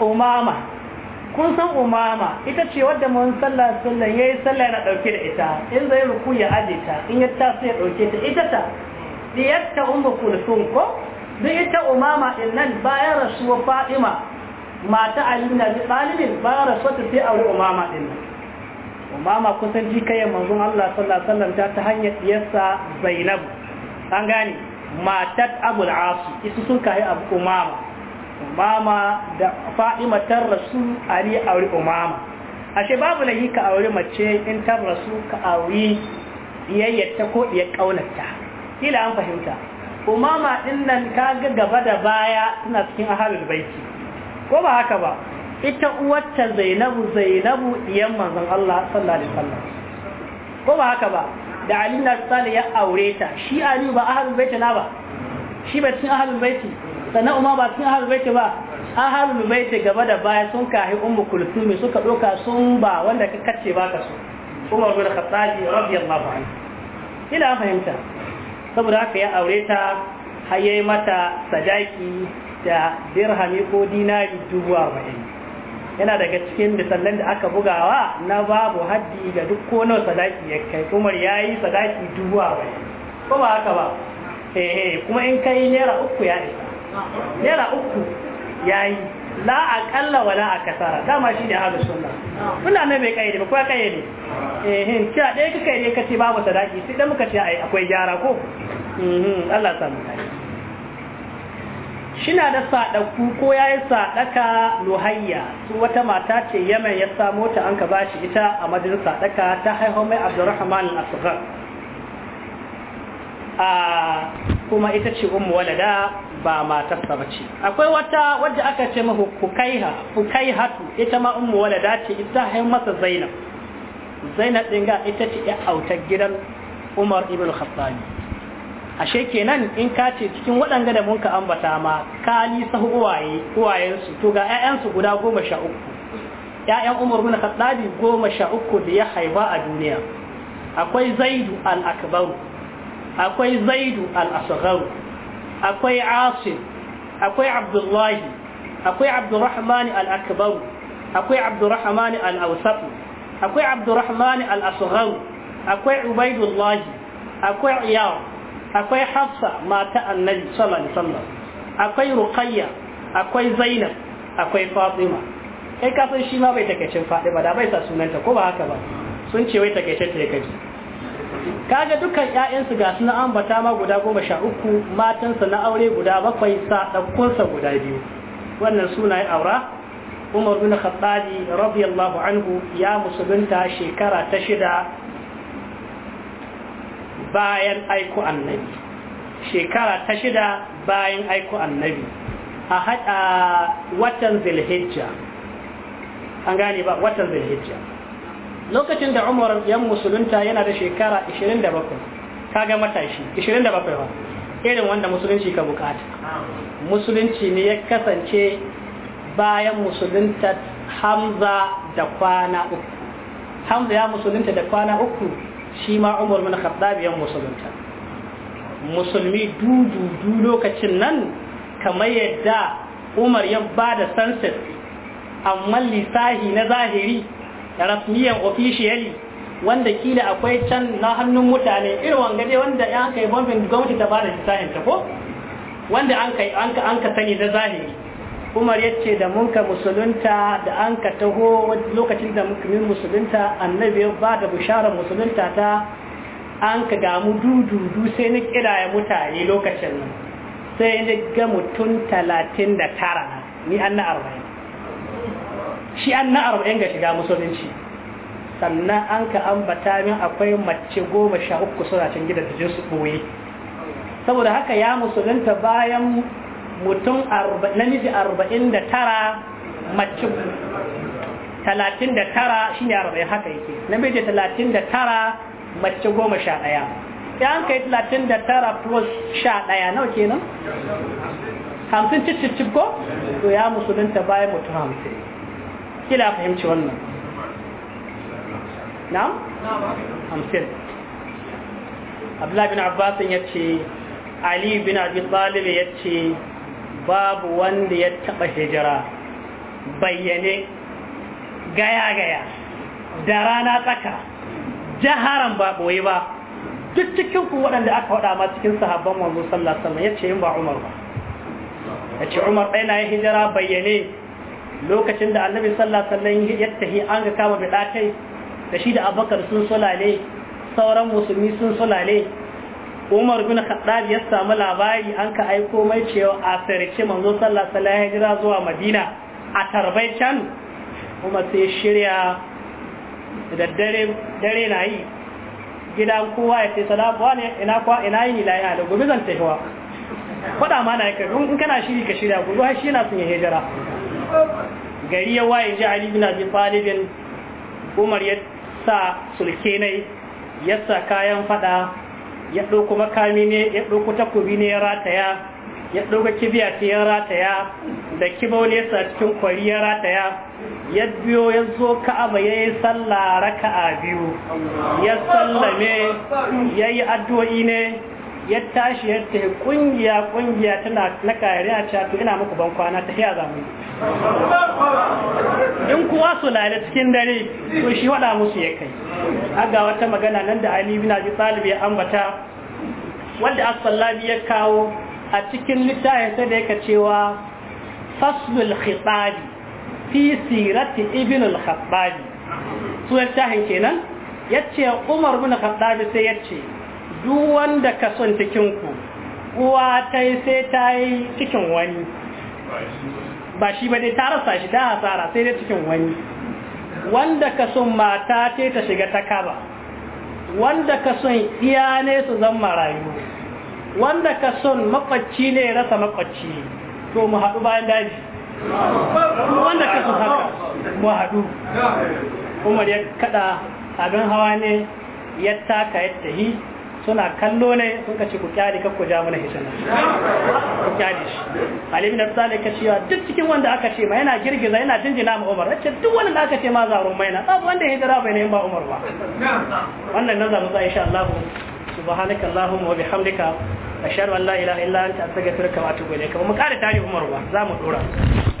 umama kun san umama ita ce wadda mun sallah sallah yayi sallah na ɗauke da ita in zai ruku ya aje ta in ya ta sai ya dauke ta ita ta diyatta ummu sun, ko duk ita umama din nan bayan rasuwa fatima mata ali bin abi bayan rasuwa ta sai aure umama din nan umama kusan jikayen manzon Allah sallallahu alaihi wasallam ta ta hanyar diyarsa Zainab an gane matat Abul asu isu sun kai Abu Umama umama da fa'ima rasu ali aure umama ashe babu yi ka aure mace in tar rasu ka aure biyayyarta ko iya kaunarta kila an fahimta umama din nan ka ga gaba da baya suna cikin ahalul baiti ko ba haka ba ita uwarta zainabu zainabu iyan manzon Allah sallallahu alaihi wasallam ko ba haka ba da Ali na ya aure ta shi Ali ba ahalul baiti na ba shi ba cikin ahlul baiti sannan umma ba cikin ahlul baiti ba ahlul baiti gaba da baya sun kahi ummu kulthumi suka ɗauka sun ba wanda ka ba ka so Umar bin Khattab radiyallahu anhu ila fahimta saboda haka ya aure ta har mata sadaki da dirhami ko dinari dubu arba'in yana daga cikin misalan da aka bugawa na babu haddi ga duk ko sadaki ya kai Umar yi sadaki dubu arba'in ko ba haka ba eh kuma in kai naira uku ya isa naira uku ya yi la aƙalla wa la a kasara dama shi ne ahlus suna suna nan bai kayyade ba ko kayyade eh hin cewa ɗaya kika kayyade ce babu sadaki sai dan muka ce ai akwai gyara ko mhm, Allah ya samu shina da sadaku ko ya yi sadaka luhayya su wata mata ce yamen ya samu ta an ka bashi ita a madin sadaka ta haihu mai Abdurrahman al-Asghar kuma ita ce umu walada ba matarsa ba ce akwai wata wadda aka ce mahu kukaiha kukaihatu ita ma umu walada ce ita hain masa zainab zainab din ga ita ce ya autar gidan umar ibn khattabi ashe kenan in ka ce cikin waɗanda da mun ka ambata ma kali sahu uwaye uwayensu to ga ƴaƴansu guda goma sha uku ƴaƴan umar ibn khattabi goma sha uku da ya haifa a duniya akwai zaidu al-akbaru akwai zaidu al-asghar akwai asim akwai abdullahi akwai abdurrahman al akwai abdurrahman al akwai abdurrahman al akwai ubaidullah akwai iyar akwai hafsa mata annabi sallallahu akwai ruqayya akwai zainab akwai fatima kai kasan shi ma bai takaice ba da bai sa sunanta ko ba haka ba sun ce wai takaice ta kaji kaga dukkan ƴaƴansu ga suna ambata ma guda goma sha uku matansa na aure guda bakwai sa ɗaukonsa guda biyu wannan suna ya aura umar bin khattabi radiyallahu anhu ya musulunta shekara ta shida bayan aiko annabi shekara ta shida bayan aiko annabi a haɗa watan zilhijja an gane ba watan zilhijja lokacin da umar yan musulunta yana da shekara 27 kaga matashi 27 ba irin wanda musulunci ka bukata musulunci ne ya kasance bayan musulunta hamza da kwana uku hamza ya musulunta da kwana uku shi ma umar mana khattab ya musulunta musulmi dududu lokacin nan kamar yadda umar ya ba da amma lissahi na zahiri rasmiyan officially wanda kila akwai can na hannun mutane irin wanga dai wanda ya kai bombin gwamnati ta bada tsayin ta ko wanda an kai an ka an ka sani da zahiri Umar yace da mun ka musulunta da an ka taho lokacin da mun yi musulunta annabi ya bada da bisharar musulunta ta an ka gamu du-du-du sai ni kira ya mutane lokacin nan sai ni ga mutum talatin da tara ni an na arba'in shi an na arba'in ga shiga musulunci sannan an ka ambata min akwai mace goma sha uku suna can gida da su ɓoye saboda haka ya musulunta bayan mutum namiji arba'in da tara mace talatin da tara shi ne arba'in haka yake namiji talatin da tara mace goma sha ɗaya ya kai talatin da tara plus sha ɗaya nawa kenan hamsin cicicip ko to ya musulunta bayan mutum hamsin kila fahimci wannan na'am hamsin abdullahi bin abbas ya ce ali bin abi talib ya ce babu wanda ya taba hijira bayyane gaya gaya da rana tsaka jaharan ba boye ba duk cikin ku waɗanda aka waɗa ma cikin sahabban manzo sallallahu alaihi wasallam ya ce ba umar ba ya umar ɗaya na ya hijira bayyane lokacin da annabi sallallahu alaihi wasallam ya tahi an ga kama bidatai da shi da abubakar sun sulale sauran musulmi sun sulale umar bin khattab ya samu labari an ka aiko mai cewa a sarki manzo sallallahu alaihi wasallam ya jira zuwa madina a tarbai can kuma sai shirya da dare dare na yi gidan kowa ya ce salamu ne, ina kwa ina yi a da gobe zan tafiwa faɗa ma na kai in kana shiri ka shirya gobe shi na sun yi hijira gari ya waye ji ali bin abi talibin umar ya sa sulke ne ya sa kayan fada ya ɗauko makami ne ya dauko takobi ne ya rataya ya ɗauko kibiya ce ya rataya da kibau ne sa cikin kwari ya rataya ya biyo ya zo ka'aba ya yi sallah raka'a biyu ya sallame ya yi addu'o'i ne ya tashi ya ta kungiya kungiya tana na kariya ta to ina muku ban kwana ta hiya zamu in kuwa su da cikin dare to shi wada musu ya kai aga wata magana nan da Ali bin Abi Talib ya ambata wanda as-sallabi ya kawo a cikin littafin sai da yake cewa faslul khitabi fi sirati ibn al su littafin kenan yace Umar bin Khattab sai yace duk wanda ka son cikin ku uwa tai sai ta cikin wani ba shi ba dai ta rasa shi da hasara sai dai cikin wani wanda ka son mata ce ta shiga ta kaba wanda ka son iya ne su zan marayu wanda ka son makwacci ne rasa makwacci to mu haɗu bayan daji wanda ka son haka mu haɗu umar ya kada abin hawa ne ya taka ya tahi suna kallo ne sun ka ce ku kyale kar ku ja mana hitina ku kyale shi Ali ibn Talib ka cewa duk cikin wanda aka ce ma yana girgiza yana jinjina ma Umar ce duk wanda aka ce ma zarun maina babu wanda hijira bai ne ba Umar ba wannan nazarin za insha Allah subhanaka Allahumma wa bihamdika ashhadu an la ilaha illa anta astaghfiruka wa atubu ilayk mu kare tarihi Umar ba za mu dora